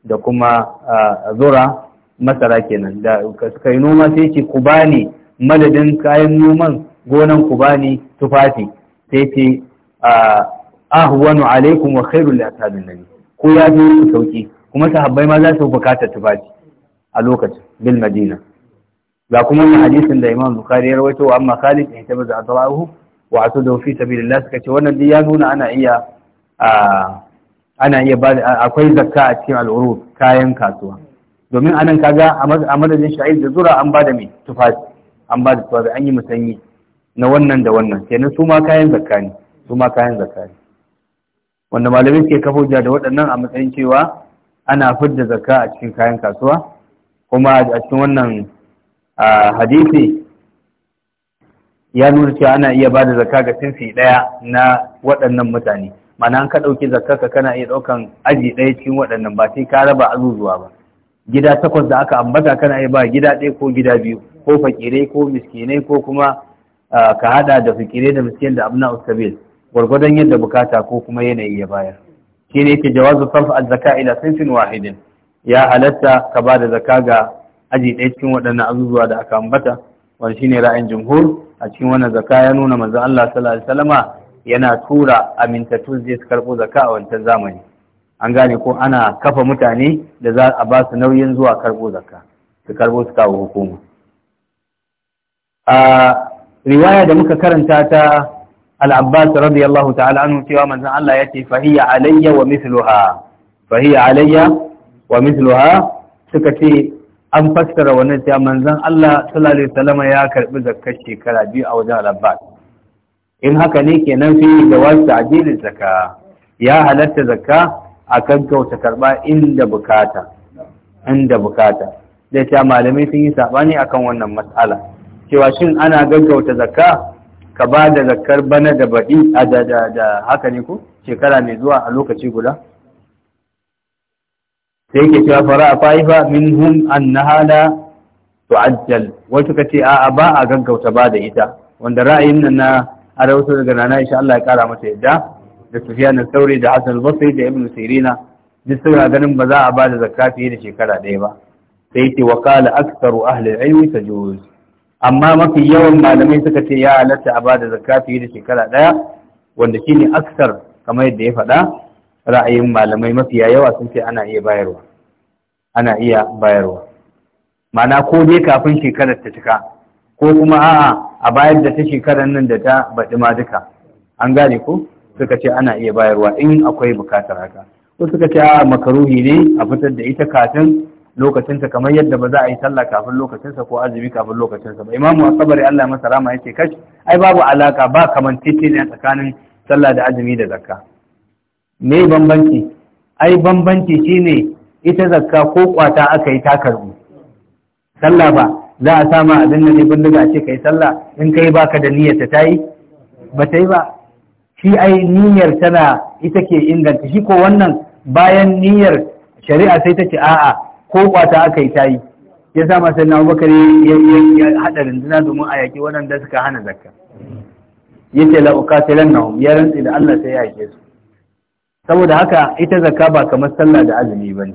da kuma zura masara kenan da kai noma sai ce ku bani madadin kayan noman gonan ku bani tufafi sai ce ah, ahwanu alaikum wa khairul ashabin nabi ko ya zo ku sauki kuma sahabbai ma za su bukata tufafi a lokacin bil madina ga kuma wannan hadisin da Imam Bukhari ya rawaito wa amma Khalid in tabaza atrahu wa atudu fi sabilillah suka ce wannan ya nuna ana iya ah, ana iya akwai zakka a cikin al'uru kayan kasuwa domin anan kaga a madadin sha'ir da zura an bada mai tufafi an bada tufafi an yi musanyi na wannan da wannan kenan su ma kayan zakka ne su ma kayan zakka ne wanda malamai ke kafo ja da waɗannan a matsayin cewa ana fidda zakka a cikin kayan kasuwa kuma a cikin wannan hadisi ya nuna cewa ana iya bada zakka ga sinfi ɗaya na waɗannan mutane ma'ana an ka ɗauki ka kana iya ɗaukan aji ɗaya cikin waɗannan ba sai ka raba azuzuwa ba gida takwas da aka ambata kana yi ba gida ɗaya ko gida biyu ko fakirai ko miskinai ko kuma ka hada da fakirai da miskin da abna uskabil gwargwadon yadda bukata ko kuma yanayi ya bayar ne yake jawazu sarf a zaka ila sinfin wahidin ya halatta ka ba da zaka ga aji ɗaya cikin waɗannan azuzuwa da aka ambata wani shine ra'ayin jumhur a cikin wannan zaka ya nuna manzo Allah sallallahu alaihi wasallama yana tura amintattu zai karɓo zaka a wancan zamani an gane ko ana kafa mutane da za a ba su nauyin zuwa karbo zakka su karɓo su kawo hukuma a riwaya da muka karanta ta al-abbas radiyallahu ta'ala anhu cewa manzon Allah ya ce fahiya alayya wa mithluha fahiya alayya wa mithluha suka ce an fassara wannan cewa manzon Allah sallallahu alaihi wasallam ya karbi zakkar shekara biyu a wajen al-abbas in haka ne kenan sai da wasu ajilin zakka ya halatta zakka a gaggauta karba inda bukata inda bukata da ta ah, malamai sun yi sabani akan wannan matsala cewa shin ana gaggauta zakka ka ba da zakkar bana da baɗi a da haka ne ko shekara mai zuwa a lokaci guda sai ke cewa fara a fa'ifa minhum annaha la wata ka kace a'a ba a gaggauta ba da ita wanda ra'ayin nan na arautu daga nana insha Allah ya kara mata yadda da sufiyan al-Thawri da Hassan al-Basri da Ibn Sirina duk suna ganin ba za a ba da zakka fiye da shekara ɗaya ba sai ce wa qala aktsaru ahli al-ilmi tajuz amma mafi yawan malamai suka ce ya halatta a ba da zakka fiye da shekara ɗaya wanda shine aksar kamar yadda ya faɗa ra'ayin malamai mafiya yawa sun ce ana iya bayarwa ana iya bayarwa ma'ana ko dai kafin shekarar ta cika ko kuma a'a a bayar da ta shekarar nan da ta baɗi ma duka an gane ko suka ce ana iya bayarwa in akwai bukatar haka ko suka ce a makaruhi ne a fitar da ita katin lokacinta kamar yadda ba za a yi sallah kafin lokacinsa ko azumi kafin lokacinsa ba imamu asabari Allah masa rama yace kash ai babu alaka ba kamar titi ne tsakanin sallah da azumi da zakka me bambanci ai bambanci ne ita zakka ko kwata aka yi ta karbu sallah ba za a sama abin da ne bindiga ce kai sallah in kai baka da niyyar ta yi? ba ta yi ba shi ai niyyar tana ita ke inganta shi ko wannan bayan niyyar shari'a sai ta ce a'a ko kwata aka yi ta yi ya sa masu na abubakar ya haɗa rinduna domin a yaƙi waɗanda suka hana zakka ya ce la'ukatilan nahum ya rantsi da Allah sai ya yaƙe su saboda haka ita zakka ba kamar sallah da azumi ba ne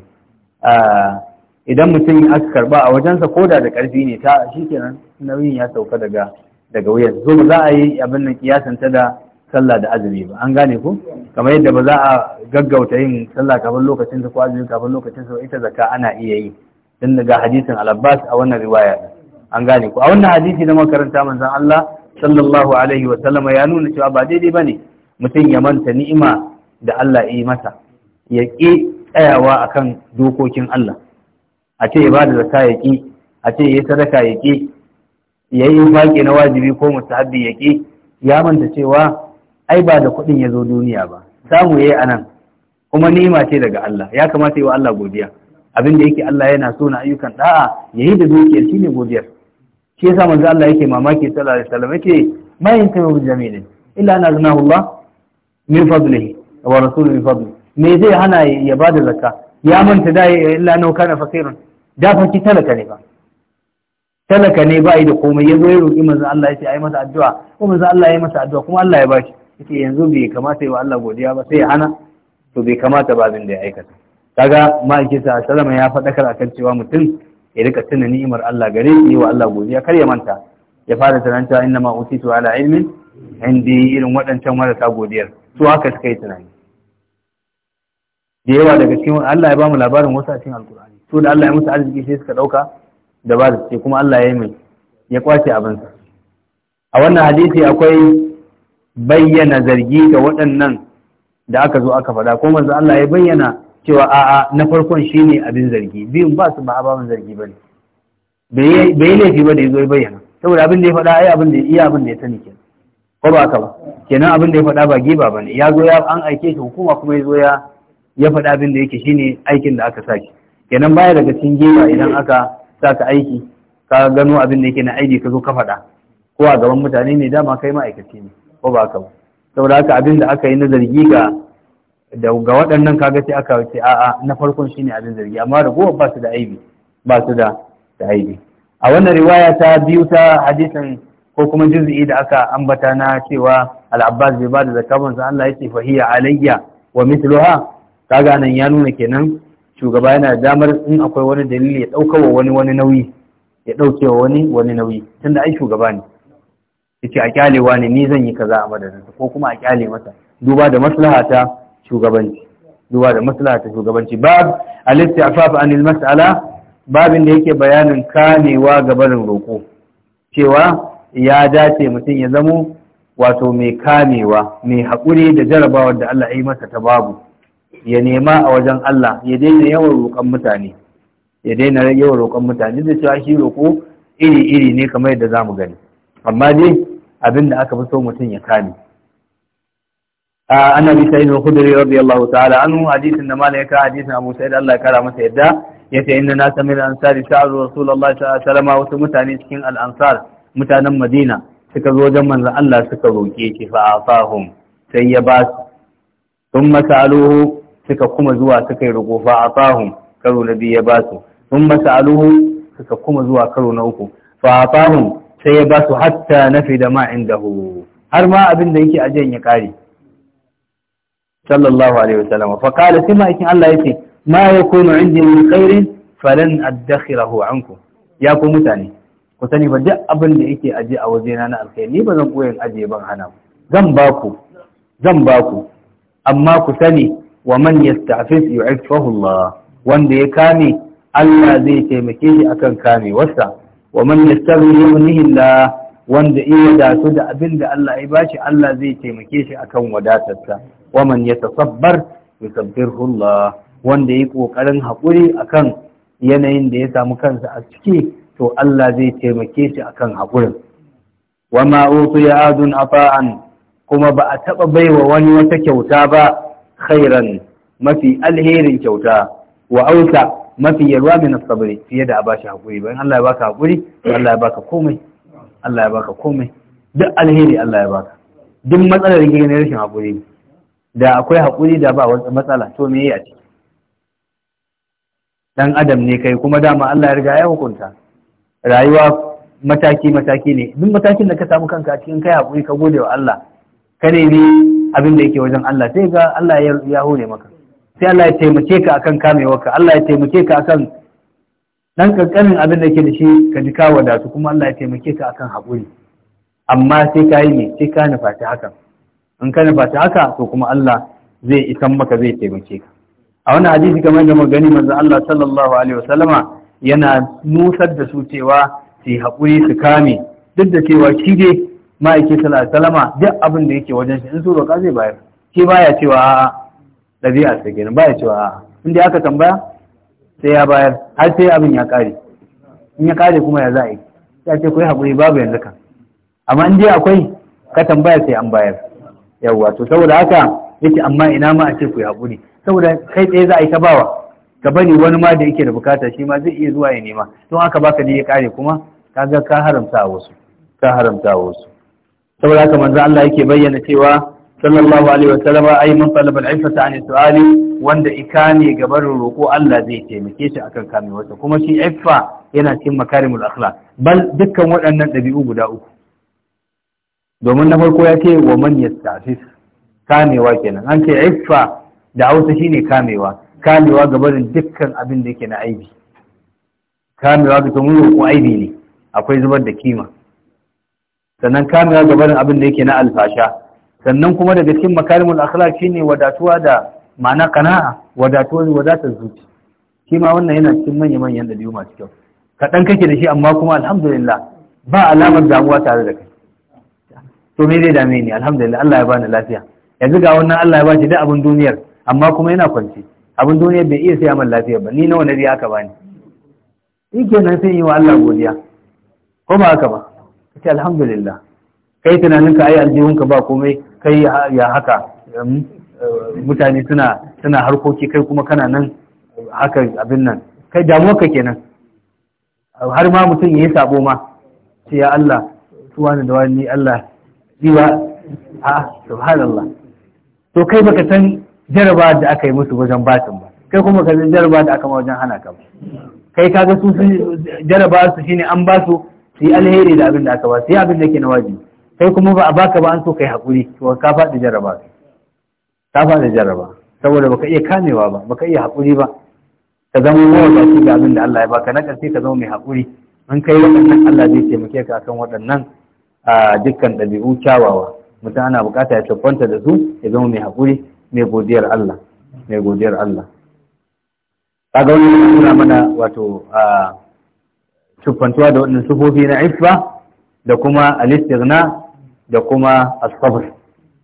idan mutum aka karba a wajensa koda da ƙarfi ne ta kenan nauyin ya sauka daga daga wuyan zo za a yi abin nan kiyasanta da sallah da azumi ba an gane ku kamar yadda ba za a gaggauta yin sallah kafin lokacin ko azumi kafin lokacin sau ita zakka ana iya yi dan daga hadisin al-Abbas a wannan riwaya an gane ku a wannan hadisi na makaranta manzon Allah sallallahu alaihi wa sallama ya nuna cewa ba daidai ne? mutum ya manta ni'ima da Allah ya yi masa ya ƙi tsayawa akan dokokin Allah a ce ibada zakka ya ƙi a ce yayi sadaka ya ƙi yayi baki na wajibi ko mustahabbi ya ƙi ya manta cewa ai ba da kuɗin ya zo duniya ba Za mu yi a nan. kuma ni'ima ce daga Allah ya kamata yi wa Allah godiya Abinda yake Allah yana so na ayyukan da'a yi da dukiyar shine godiyar shi yasa manzo Allah yake mamaki sallallahu alaihi wasallam yake ma yantahu bil jamil illa na aznahu Allah min fadlihi wa rasuluhu min fadli me zai hana ya bada zakka ya manta da illa nau kana fakirun da fa ki talaka ne ba. talaka ne ba yi da komai Ya yazo ya roki manzo Allah ya ce ai masa addu'a kuma manzo Allah ya yi masa addu'a kuma Allah ya bashi yake yanzu bai kamata yi wa Allah godiya ba sai ya hana to bai kamata ba abin da ya aikata kaga ma'aikin sa salama ya faɗakar akan cewa mutum ya rika tuna ni'imar Allah gare shi yi wa Allah godiya kar ya manta ya fara tunanta inna ma utitu ala ilmin indi irin waɗancan marasa godiyar su haka suka yi tunani da yawa daga cikin Allah ya bamu labarin wasu a cikin alkur'ani to da Allah ya musu arziki sai suka ɗauka da ba kuma Allah ya yi mai ya kwace abinsa a wannan hadisi akwai bayyana zargi ga waɗannan da aka zo aka faɗa ko manzo Allah ya bayyana cewa a'a na farkon shine abin zargi biyun ba su ba ababen zargi ba ne bai yi laifi ba da ya zo ya bayyana saboda abin da ya faɗa ai abin da iya abin da ya sani kenan ko ba haka ba kenan abin da ya faɗa ba giba ba ne ya zo ya an aike shi hukuma kuma ya zo ya ya faɗa abin da yake shine aikin da aka saki kenan baya daga cikin giba idan aka saka aiki ka gano abin da yake na aiki ka zo ka faɗa ko a gaban mutane ne dama kai ma'aikaci ne ko ba ka ba saboda haka abin da aka yi na zargi ga waɗannan kaga sai aka ce a'a na farkon shine abin zargi amma goma ba su da aibi ba su da aibi a wannan riwaya ta biyu ta hadisin ko kuma juz'i da aka ambata na cewa al-Abbas bai bada da sa Allah Ya fa hiya alayya wa mithluha kaga nan ya nuna kenan shugaba yana da damar in akwai wani dalili ya dauka wa wani wani nauyi ya wani wani nauyi tunda ai shugaba ne yace a kyalewa ne ni zan yi kaza a madadin ko kuma a kyale masa duba da maslaha ta shugabanci duba da maslaha ta shugabanci bab al-isti'faf an al-mas'ala babin da yake bayanin kamewa ga barin roko cewa ya dace mutum ya zamo wato mai kamewa mai haƙuri da jarabawar da Allah ya yi masa ta babu ya nema a wajen Allah ya daina yawan roƙon mutane ya daina yawan roƙon mutane da cewa shi roƙo iri-iri ne kamar yadda za mu gani amma dai abin da aka fi so mutum ya kame an abi sa'id al-khudri radiyallahu ta'ala anhu hadisin da malaka ka hadisin Abu Sa'id Allah ya kara masa yadda yace inna na samil ansari sha'ru rasulullahi sallallahu alaihi wasallam wasu mutane cikin al-ansar mutanen Madina suka zo wajen manzon Allah suka roke shi fa afahum sai ya ba su thumma sa'aluhu suka kuma zuwa suka yi roƙo fa afahum karo na biyu ya ba su thumma suka kuma zuwa karo na uku fa afahum sai ya ba su hatta nafi da ma hu har ma abin da yake ajiyan ya kare sallallahu alaihi wasallam fa qala sai ma ikin Allah yace ma yakunu indi min khairin falan addakhirahu ankum ya ku mutane ku sani ba duk abin da yake aje a wajena na alkhairi ni ba zan koyin aje ban hana ku zan ba ku zan ba ku amma ku sani wa man yasta'fif yu'affahu Allah wanda ya kame Allah zai taimake shi akan kame wasa wa man yastaghni yughnihi wanda in wadatu da abin da Allah ya bashi Allah zai taimake shi akan wadatarsa wa man yatasabbar yusabbirhu Allah wanda ya kokarin hakuri akan yanayin da ya samu kansa a ciki to Allah zai taimake shi akan haƙurin. wa ma ya adun afa'an kuma ba a taɓa baiwa wani wata kyauta ba khairan mafi alherin kyauta wa ausa mafi yalwa min sabri fiye da a bashi hakuri bayan Allah ya baka hakuri Allah ya baka komai Allah ya baka komai duk alheri Allah ya baka duk matsalar da ne rashin hakuri da akwai hakuri da ba wata matsala to me ya dan adam ne kai kuma dama Allah ya riga ya hukunta rayuwa mataki mataki ne duk matakin da ka samu kanka a cikin kai hakuri ka gode wa Allah ka nemi abin da yake wajen Allah sai ga Allah ya hore maka sai Allah ya taimake ka akan ka. Allah ya taimake ka akan dan kankanin abin da ke da shi ka ji ka wadatu kuma Allah ya taimake ka akan haƙuri amma sai ka yi ne sai ka nufa ta hakan in ka nufa ta haka to kuma Allah zai isan maka zai taimake ka a wannan hadisi kamar da magani manzo Allah sallallahu alaihi wasallama yana nusar da su cewa su haƙuri su kame duk da cewa shi dai ma'aikin sallallahu alaihi wasallama duk abin da yake wajen shi in so roƙa zai bayar shi baya cewa a'a ɗabi'a ta kenan ba ya cewa a'a inda aka tambaya sai ya bayar har sai abin ya ƙare in ya ƙare kuma ya za a yi ya ce ku yi haƙuri babu yanzu kan amma in dai akwai ka tambaya sai an bayar yawwa to saboda haka yake amma ina ma a ce ku yi haƙuri saboda kai tsaye za a yi ta bawa ka bari wani ma da yake da bukata shi ma zai iya zuwa ya nema don haka baka ne ya ƙare kuma kaga ka haramta wasu ka haramta wasu saboda haka manzo Allah yake bayyana cewa sallallahu alaihi wa وسلم اي من طلب al عن an وند wanda غبر gaban roƙo Allah zai taimake shi akan kamewarsa kuma shi iffa yana cikin makarimul akhlaq bal dukkan waɗannan ɗabi'u guda uku domin na farko ya ce wa man yastafis kamewa kenan an ce iffa da Hausa shine kamewa kamewa gabarin dukkan abin da yake na aibi kamewa ga mun roƙo aibi ne akwai zubar da kima sannan kamewa gabarin abin da yake na alfasha sannan kuma daga cikin makarimul akhlaq shine wadatuwa da ma'ana kana'a wadatuwa da wadatar zuci shi ma wannan yana cikin manya manyan biyu masu kyau kaɗan kake da shi amma kuma alhamdulillah ba alamar damuwa tare da kai to me zai dame ni alhamdulillah Allah ya bani lafiya yanzu ga wannan Allah ya bashi da abin duniyar amma kuma yana kwance abin duniyar bai iya siya min lafiya ba ni nawa na riya aka bani shi kenan sai yi wa Allah godiya ko ba haka ba kace alhamdulillah kai tunaninka ai aljihunka ba komai kai ya haka mutane suna suna harkoki kai kuma kana nan haka abin nan kai damuwarka kenan har ma mutum ya yi sabo ma sai ya Allah tuwani da wani Allah diwa a subhanallah to kai baka san jaraba da aka yi musu wajen batin ba kai kuma ka san jaraba da aka ma wajen hana ka kai kaga su jaraba su shine an ba su su yi alheri da abin da aka ba su yi abin da ke na wajibi kai kuma ba a baka ba an so kai hakuri to ka faɗi jarraba ka faɗi jarraba saboda baka iya kamewa ba baka iya hakuri ba ka zama shi ga abin da Allah ya baka na ƙarshe ka zama mai hakuri an kai waɗannan Allah zai taimake ka akan waɗannan a dukkan ɗabi'u kyawawa mutum ana buƙata ya tabbanta da su ya zama mai haƙuri mai godiyar Allah mai godiyar Allah kaga wani ya nuna mana wato a tuffantuwa da waɗannan sufofi na ifa da kuma alistighna da kuma asabar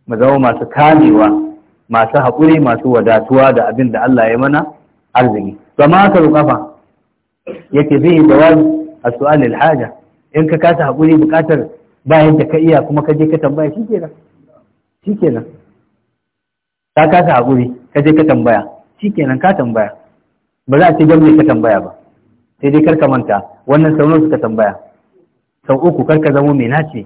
mu zama masu kamewa masu haƙuri masu wadatuwa da abin da Allah ya mana arziki zama haka rukafa yake zai yi jawab a su'alil haja in ka kasa haƙuri buƙatar bayan da ka iya kuma ka je ka tambaya shikenan shikenan ka kasa haƙuri ka je ka tambaya shikenan ka tambaya ba za a ce don ka tambaya ba sai dai karka manta wannan sau suka tambaya sau uku karka zamo mai nace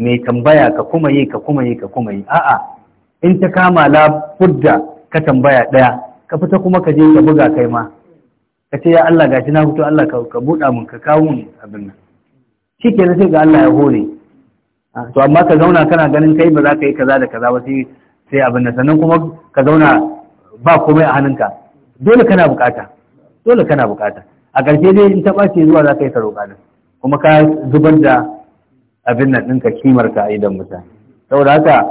mai tambaya ka kuma yi ka kuma yi ka kuma yi a'a in ta kama la fudda ka tambaya ɗaya ka fita kuma ka je ka buga kai ma ka ce ya Allah gashi na fito Allah ka buɗa mun ka kawo mun abin nan shi ke sai ga Allah ya hore ah, to amma ka zauna kana ganin kai ba za ka yi kaza da kaza ba sai sai abin nan sannan kuma ka zauna ba komai a hannunka dole kana bukata dole kana bukata a ƙarshe dai in ta ɓace zuwa za ka yi ka roƙa kuma ka zubar da abin nan ɗinka kimar ka a idan mutane saboda haka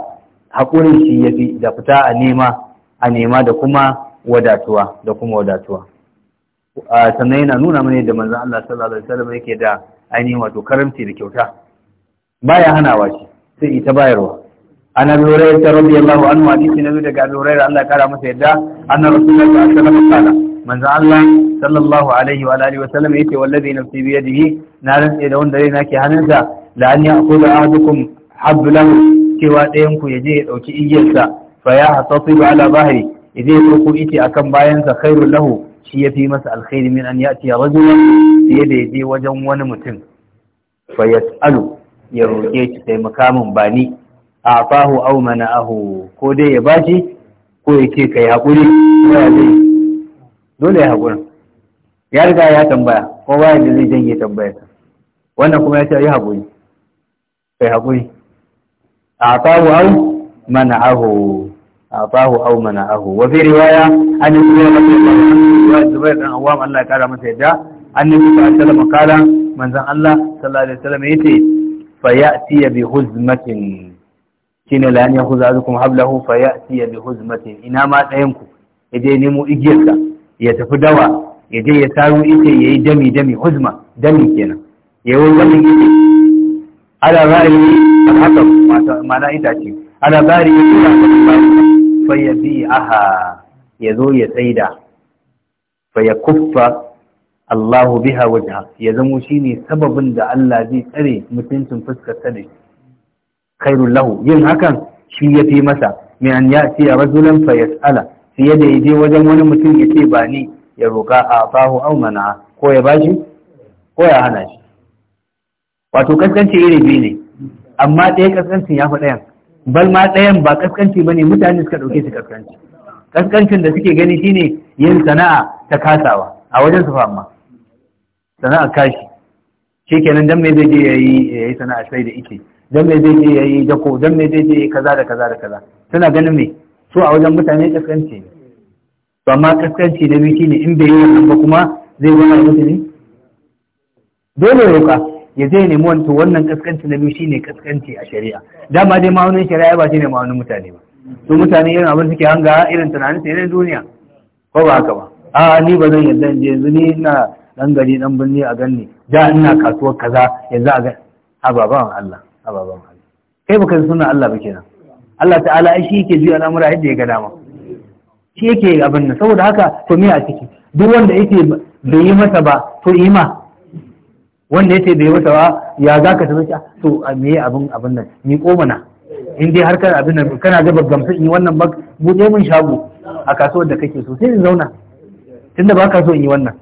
haƙurin shi ya fi da fita a nema a nema da kuma wadatuwa da kuma wadatuwa sannan yana nuna mana da manzon Allah sallallahu alaihi wasallam yake da ainihin wato karamci da kyauta baya hanawa shi sai ita bayarwa ana lura ta radiyallahu anhu hadisi nabi daga lura Allah ya kara masa yadda anna rasulullahi sallallahu alaihi wasallam kana Manza Allah sallallahu alaihi wa alihi wasallam yake wallazi nafsi bi yadihi na rantse da wanda rai nake hannunsa da an da ahadukum hablahu cewa ɗayan ku yaje ya ɗauki igiyarsa fa ya ba ala bahri idai ya dauko ite akan bayansa khairul lahu shi ya fi masa alkhairi min an ya'ti rajulan fiye da ya je wajen wani mutum fa yas'alu ya roke shi sai makamin bani a fahu au ahu ko dai ya bashi ko ya ce kai haƙuri ya dole ya haƙuri ya riga ya tambaya ko ba da zai janye tambayar wannan kuma ya ce ya haƙuri kai haƙuri au mana'ahu a tahu au mana'ahu wa fi riwaya an yi zuwa mafi zuwa zubair awam Allah ya kara masa yadda annabi sallallahu alaihi wasallam kala manzan Allah sallallahu alaihi wasallam ce fa ya ya'ti bi huzmatin shine la an yakhudha azukum hablahu fa ya ya'ti bi huzmatin ina ma dayan ku Ya yaje nemo igiyarsa ya tafi dawa Ya je ya saro ita ya yi dami dami huzma dami kenan Ya yi wannan ita ala ra'ayi haka hakam ma'ana itace ala bari ya tura fa ya bi aha ya zo ya tsaida faya kuffa Allahu biha wajha ya zamo shine sababin da Allah zai tsare mutuncin fuskar sa da lahu yin hakan shi ya fi masa min an yati rajulan fa yas'ala fiye da yaje wajen wani mutum ya ce ba ni ya roka a fahu aw mana ko ya bashi ko ya hana shi wato kaskanci iri biyu ne amma ɗaya kaskancin ya fi ɗayan bal ma ɗayan ba kaskanci ba ne mutane suka ɗauke su kaskanci kaskancin da suke gani shine yin sana'a ta kasawa a wajen su amma sana'a kashi kenan dan me zai je ya yi sana'a sai da ike dan me zai je ya yi dako dan me zai je ya yi kaza da kaza da kaza suna ganin me so a wajen mutane kaskanci ne to amma kaskanci da biyu shine in bai yi wannan ba kuma zai zama mutane dole roƙa ya zai nemi wanto wannan kaskanci na biyu shine kaskanci a shari'a dama dai ma'aunin shari'a ba shine ma'aunin mutane ba To mutane irin abin suke hanga irin tunanin sai duniya ko ba haka ba a ni ba zan yarda je yanzu ni ina dan gari dan birni a ganni da ina kasuwar kaza yanzu a ga ababan Allah ababan Allah kai baka sunan Allah ba kenan Allah ta'ala ai shi yake juya al'amura yadda ya ga dama shi yake abin nan saboda haka to me a ciki duk wanda yake bai yi masa ba to ima ma wanda ya ce bai masa ba ya za ka tafi to a me abin abin nan ni komana in dai har kana abin nan kana ga gamsu in yi wannan ba buɗe min shago a kasuwar da kake so sai in zauna tunda ba ka so in yi wannan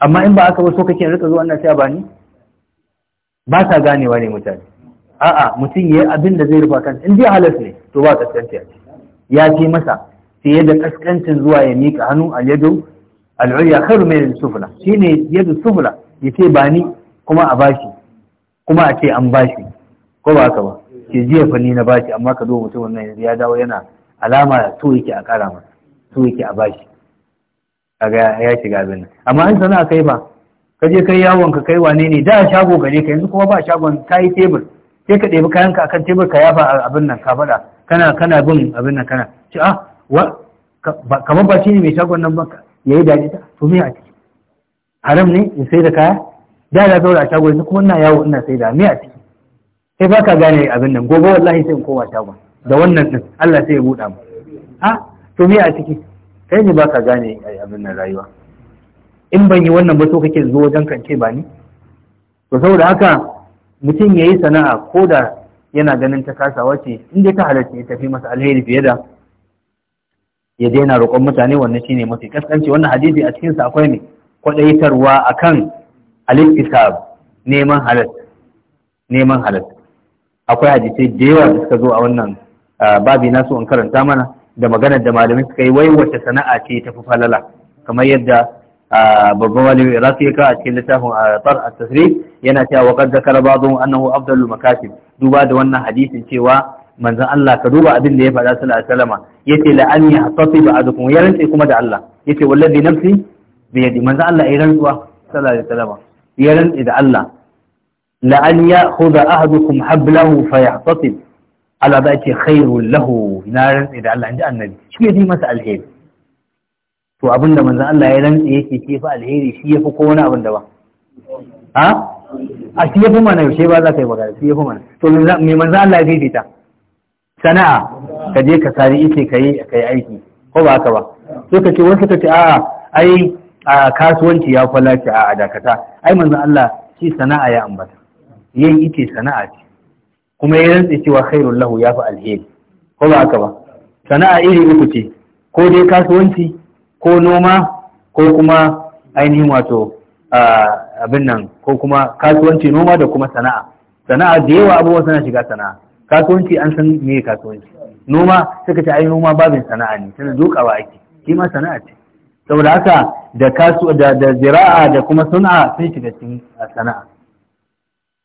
amma in ba aka ba so kake rika zuwa wannan sai ba ni ba sa ganewa ne mutane a'a mutum yayi abin da zai rufa kan in dai halas ne to ba kaskanci ya ce masa sai da kaskancin zuwa ya mika hannu al yadu al ulya khairu min sufla shine yadu sufla ya ce ba ni kuma a bashi kuma a ce an bashi ko ba haka ba ke jiya fa ni na bashi amma ka duba mutum wannan yanzu ya dawo yana alama to yake a kara masa to yake a bashi kaga ya shiga abin nan amma an sana kai ba ka je kai yawon ka kai wane ne da shago gare ka yanzu kuma ba shagon ka yi tebur sai ka ɗebi kayanka akan tebur ka yafa abin nan ka faɗa kana kana bin abin nan kana ce ah kamar ba shi ne mai shagon nan ba yayi yi daji ta to me a ciki haram ne in sai da kaya da ya zaura a shagon kuma ina yawo ina sai da me a ciki sai baka gane abin nan gobe wallahi sai in koma shagon da wannan din Allah sai ya buɗa mu a to me a ciki kai ne baka gane abin nan rayuwa in ban yi wannan ba so kake zo wajen kance ba ni to saboda haka mutum ya yi sana'a ko da yana ganin ta kasawa ce in dai ta halarci ya tafi masa alheri fiye da ya daina roƙon mutane wannan shine mafi kaskanci wannan hadisi a cikinsa akwai ne kwadaitarwa akan al-iktisab neman halal neman halal akwai hadisai da yawa da suka zo a wannan babi nasu in karanta mana da maganar da malamai suka yi wai wace sana'a ce tafi falala kamar yadda babban malami iraki ya kawo a cikin littafin a tsar a tasiri yana cewa wa kad zakara ba'dhum annahu afdalul makasib duba da wannan hadisin cewa manzon Allah ka duba abin da ya faɗa sallallahu alaihi la'ani yace la ba a ahadukum ya rantsi kuma da Allah yace wallazi nafsi biyadi manzo Allah ya rantsuwa sallallahu alaihi wasallam ya rantsi da Allah la an ya'khudha ahadukum hablahu fayahtatib Allah ba ce khairul lahu na rantsi da Allah inji annabi shi ya ji masa alheri to abinda manzo Allah ya rantsi yake shi fa alheri shi yafi ko wani abin da ba ha a shi ya yafi mana yaushe ba za ka yi magana shi yafi mana to me manzo Allah ya fifita sana'a ka je ka sari ice ka yi aiki ko ba haka ba sai ka ce wasu ka ce a'a ai a kasuwanci ya kwalace a dakata ai manzon Allah shi sana'a ya ambata yin ite sana'a ce kuma ya rantse cewa khairul lahu yafi alheri ko ba haka ba sana'a iri uku ce ko dai kasuwanci ko noma ko kuma ainihin wato abin nan ko kuma kasuwanci noma da kuma sana'a sana'a da yawa abubuwa suna shiga sana'a kasuwanci an san me kasuwanci noma suka ce ai noma babin sana'a ne tana dukawa ake shi ma sana'a ce saboda haka da kasu da da zira'a da kuma sun'a sun shiga cikin sana'a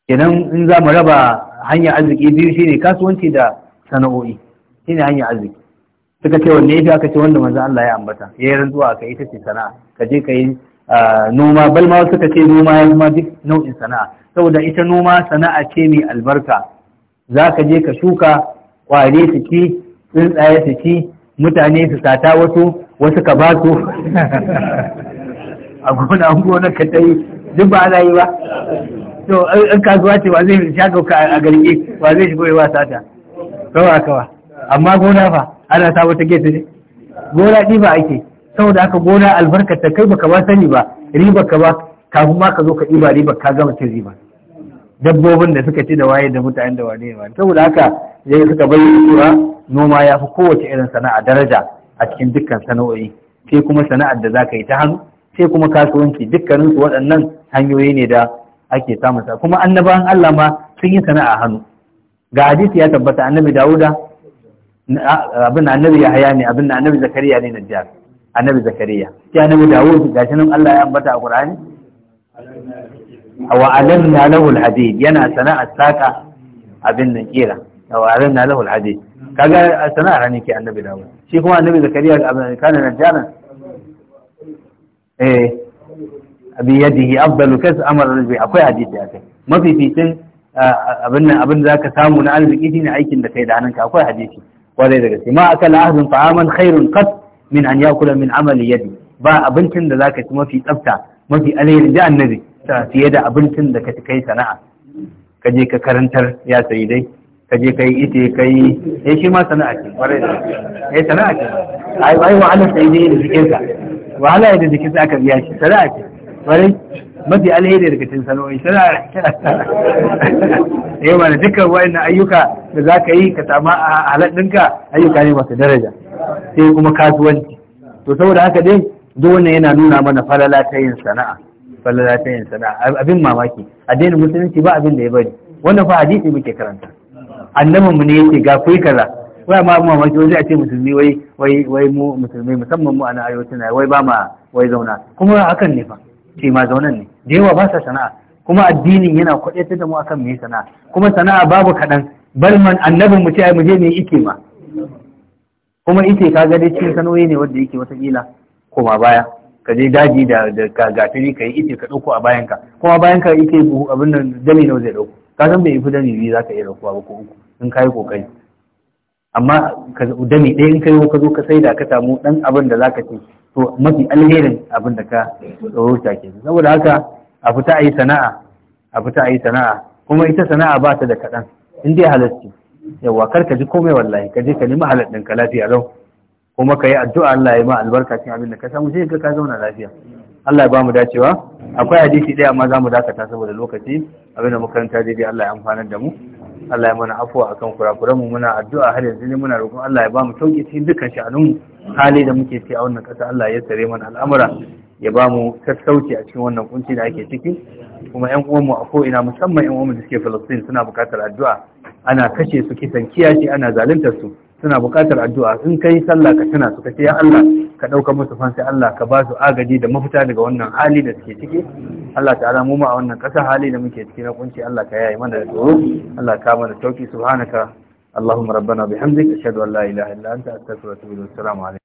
kenan in za mu raba hanyar arziki biyu shine kasuwanci da sana'o'i shine hanyar arziki suka ce wanne fi aka ce wanda manzo Allah ya ambata ya yi rantsuwa ka ita ce sana'a ka je ka yi noma bal ma suka ce noma ya zama duk nau'in sana'a saboda ita noma sana'a ce mai albarka za ka je ka shuka kwari su ci tsuntsaye su ci mutane su sata wasu wasu ka ba su [laughs] a gona gona ka ta yi duk ba ana yi ba to in kasuwa ce wa zai shaga ka a garge wa zai shigo ya ba sata kawa kawa amma gona fa ana sa wata gefe ne gona ɗi ba ake saboda aka gona albarkata ta kai baka ba sani ba riba ka ba kafin ma ka zo ka ɗiba riba ka gama cin riba dabbobin da suka ci da waye da mutanen da wane ne saboda haka yayin suka bayyana cewa noma ya fi kowace irin sana'a daraja a cikin dukkan sana'o'i sai kuma sana'ar da za ka yi ta hannu sai kuma kasuwanci dukkaninsu waɗannan hanyoyi ne da ake samun sa kuma annabawan Allah ma sun yi sana'a hannu ga hadisi ya tabbata annabi Dawuda abin annabi Yahaya ne abin annabi Zakariya ne Najjar annabi Zakariya sai annabi Dawud gashi nan Allah ya ambata a Qur'ani wa alamna lahu alhadid yana sana'ar saka abin nan kira wa alamna lahu alhadid kaga sana'ar ne ke annabi dawo shi kuma annabi zakariya kana najjaran eh abi yadihi afdalu kas amara rabbi akwai hadisi akai mafificin abin nan abin da zaka samu na arziki shine aikin da kai da hannunka akwai hadisi kwarai da gaske ma akala ahdun ta'aman khairun qat min an yakula min amali yadi ba abincin da zaka ci mafi tsafta mafi alheri da annabi ta fiye da abincin da ka kai sana'a ka je ka karantar ya sayi dai ka je ka yi ite ka yi ya eh, shi ma sana'a ce kwarai da ya eh, sana'a ce ai ai wahala sai dai da jikinsa wahala ya da jikinsa aka biya shi sana'a ce kwarai mafi alheri daga cikin sana'o'i sana'a eh mana dukkan wa'annan ayyuka da za ka yi ka sama a haladdinka ayyuka ne masu daraja sai kuma kasuwanci to saboda haka dai duk wannan yana nuna mana falala ta yin sana'a falala ta yin sana'a abin mamaki addinin musulunci ba abin da ya bari wannan fa hadisi muke karanta annabin mu ne yake ga kai kaza wai ma mamaki wani a ce musulmi wai wai wai mu musulmi musamman mu a na arewacin wai ba ma wai zauna kuma hakan ne fa ce ma zaunan ne da yawa ba sa sana'a kuma addinin yana kwaɗaitar da mu akan mu sana'a kuma sana'a babu kaɗan balman annabin mu ce ai mu je ne yake ma kuma ite ka ga dai cikin sanoyi ne wanda yake kila koma baya ka je daji da da ka gatari ka yi ice ka ɗauko a bayan ka kuma bayan ka ike abin nan dami nawa zai ɗauko. ka san bai fi dami za ka iya ɗauko ba ko uku in ka yi kokari amma ka dami ɗaya in ka yi ka zo ka da ka samu ɗan abin da za ka ce, to mafi alherin abin da ka rosa ke saboda haka a fita a yi sana'a a fita a yi sana'a kuma ita sana'a ba ta da kaɗan in dai halarci yawwa kar ka ji komai wallahi ka je ka nemi halar ka lafiya lau kuma ka yi addu'a Allah ya ma albarka cikin abin da ka samu sai ka zauna lafiya Allah ya ba mu dacewa akwai hadisi ɗaya amma za mu dakata saboda lokaci abin da makaranta daidai Allah ya amfanar da mu Allah ya mana afuwa kan kurakuran mu muna addu'a har yanzu ne muna roƙon Allah ya ba mu sauƙi cikin dukkan sha'anun hali da muke ci a wannan ƙasa Allah ya tsare mana al'amura ya ba mu sassauci a cikin wannan kunci da ake ciki kuma ƴan uwanmu a ko'ina musamman ƴan uwanmu da suke Palestine suna buƙatar addu'a ana kashe su kisan kiyashi ana zaluntar su suna buƙatar addu'a in kai sallah ka tana su kace ya Allah ka ɗauka musu fansa Allah ka ba su agaji da mafita daga wannan hali da suke ciki Allah ta'ala mu ma a wannan ƙasa hali da muke ciki na kunci Allah ka yayi mana da tsoro Allah ka mana sauki subhanaka اللهم ربنا بحمدك أشهد أن لا إله السلام عليكم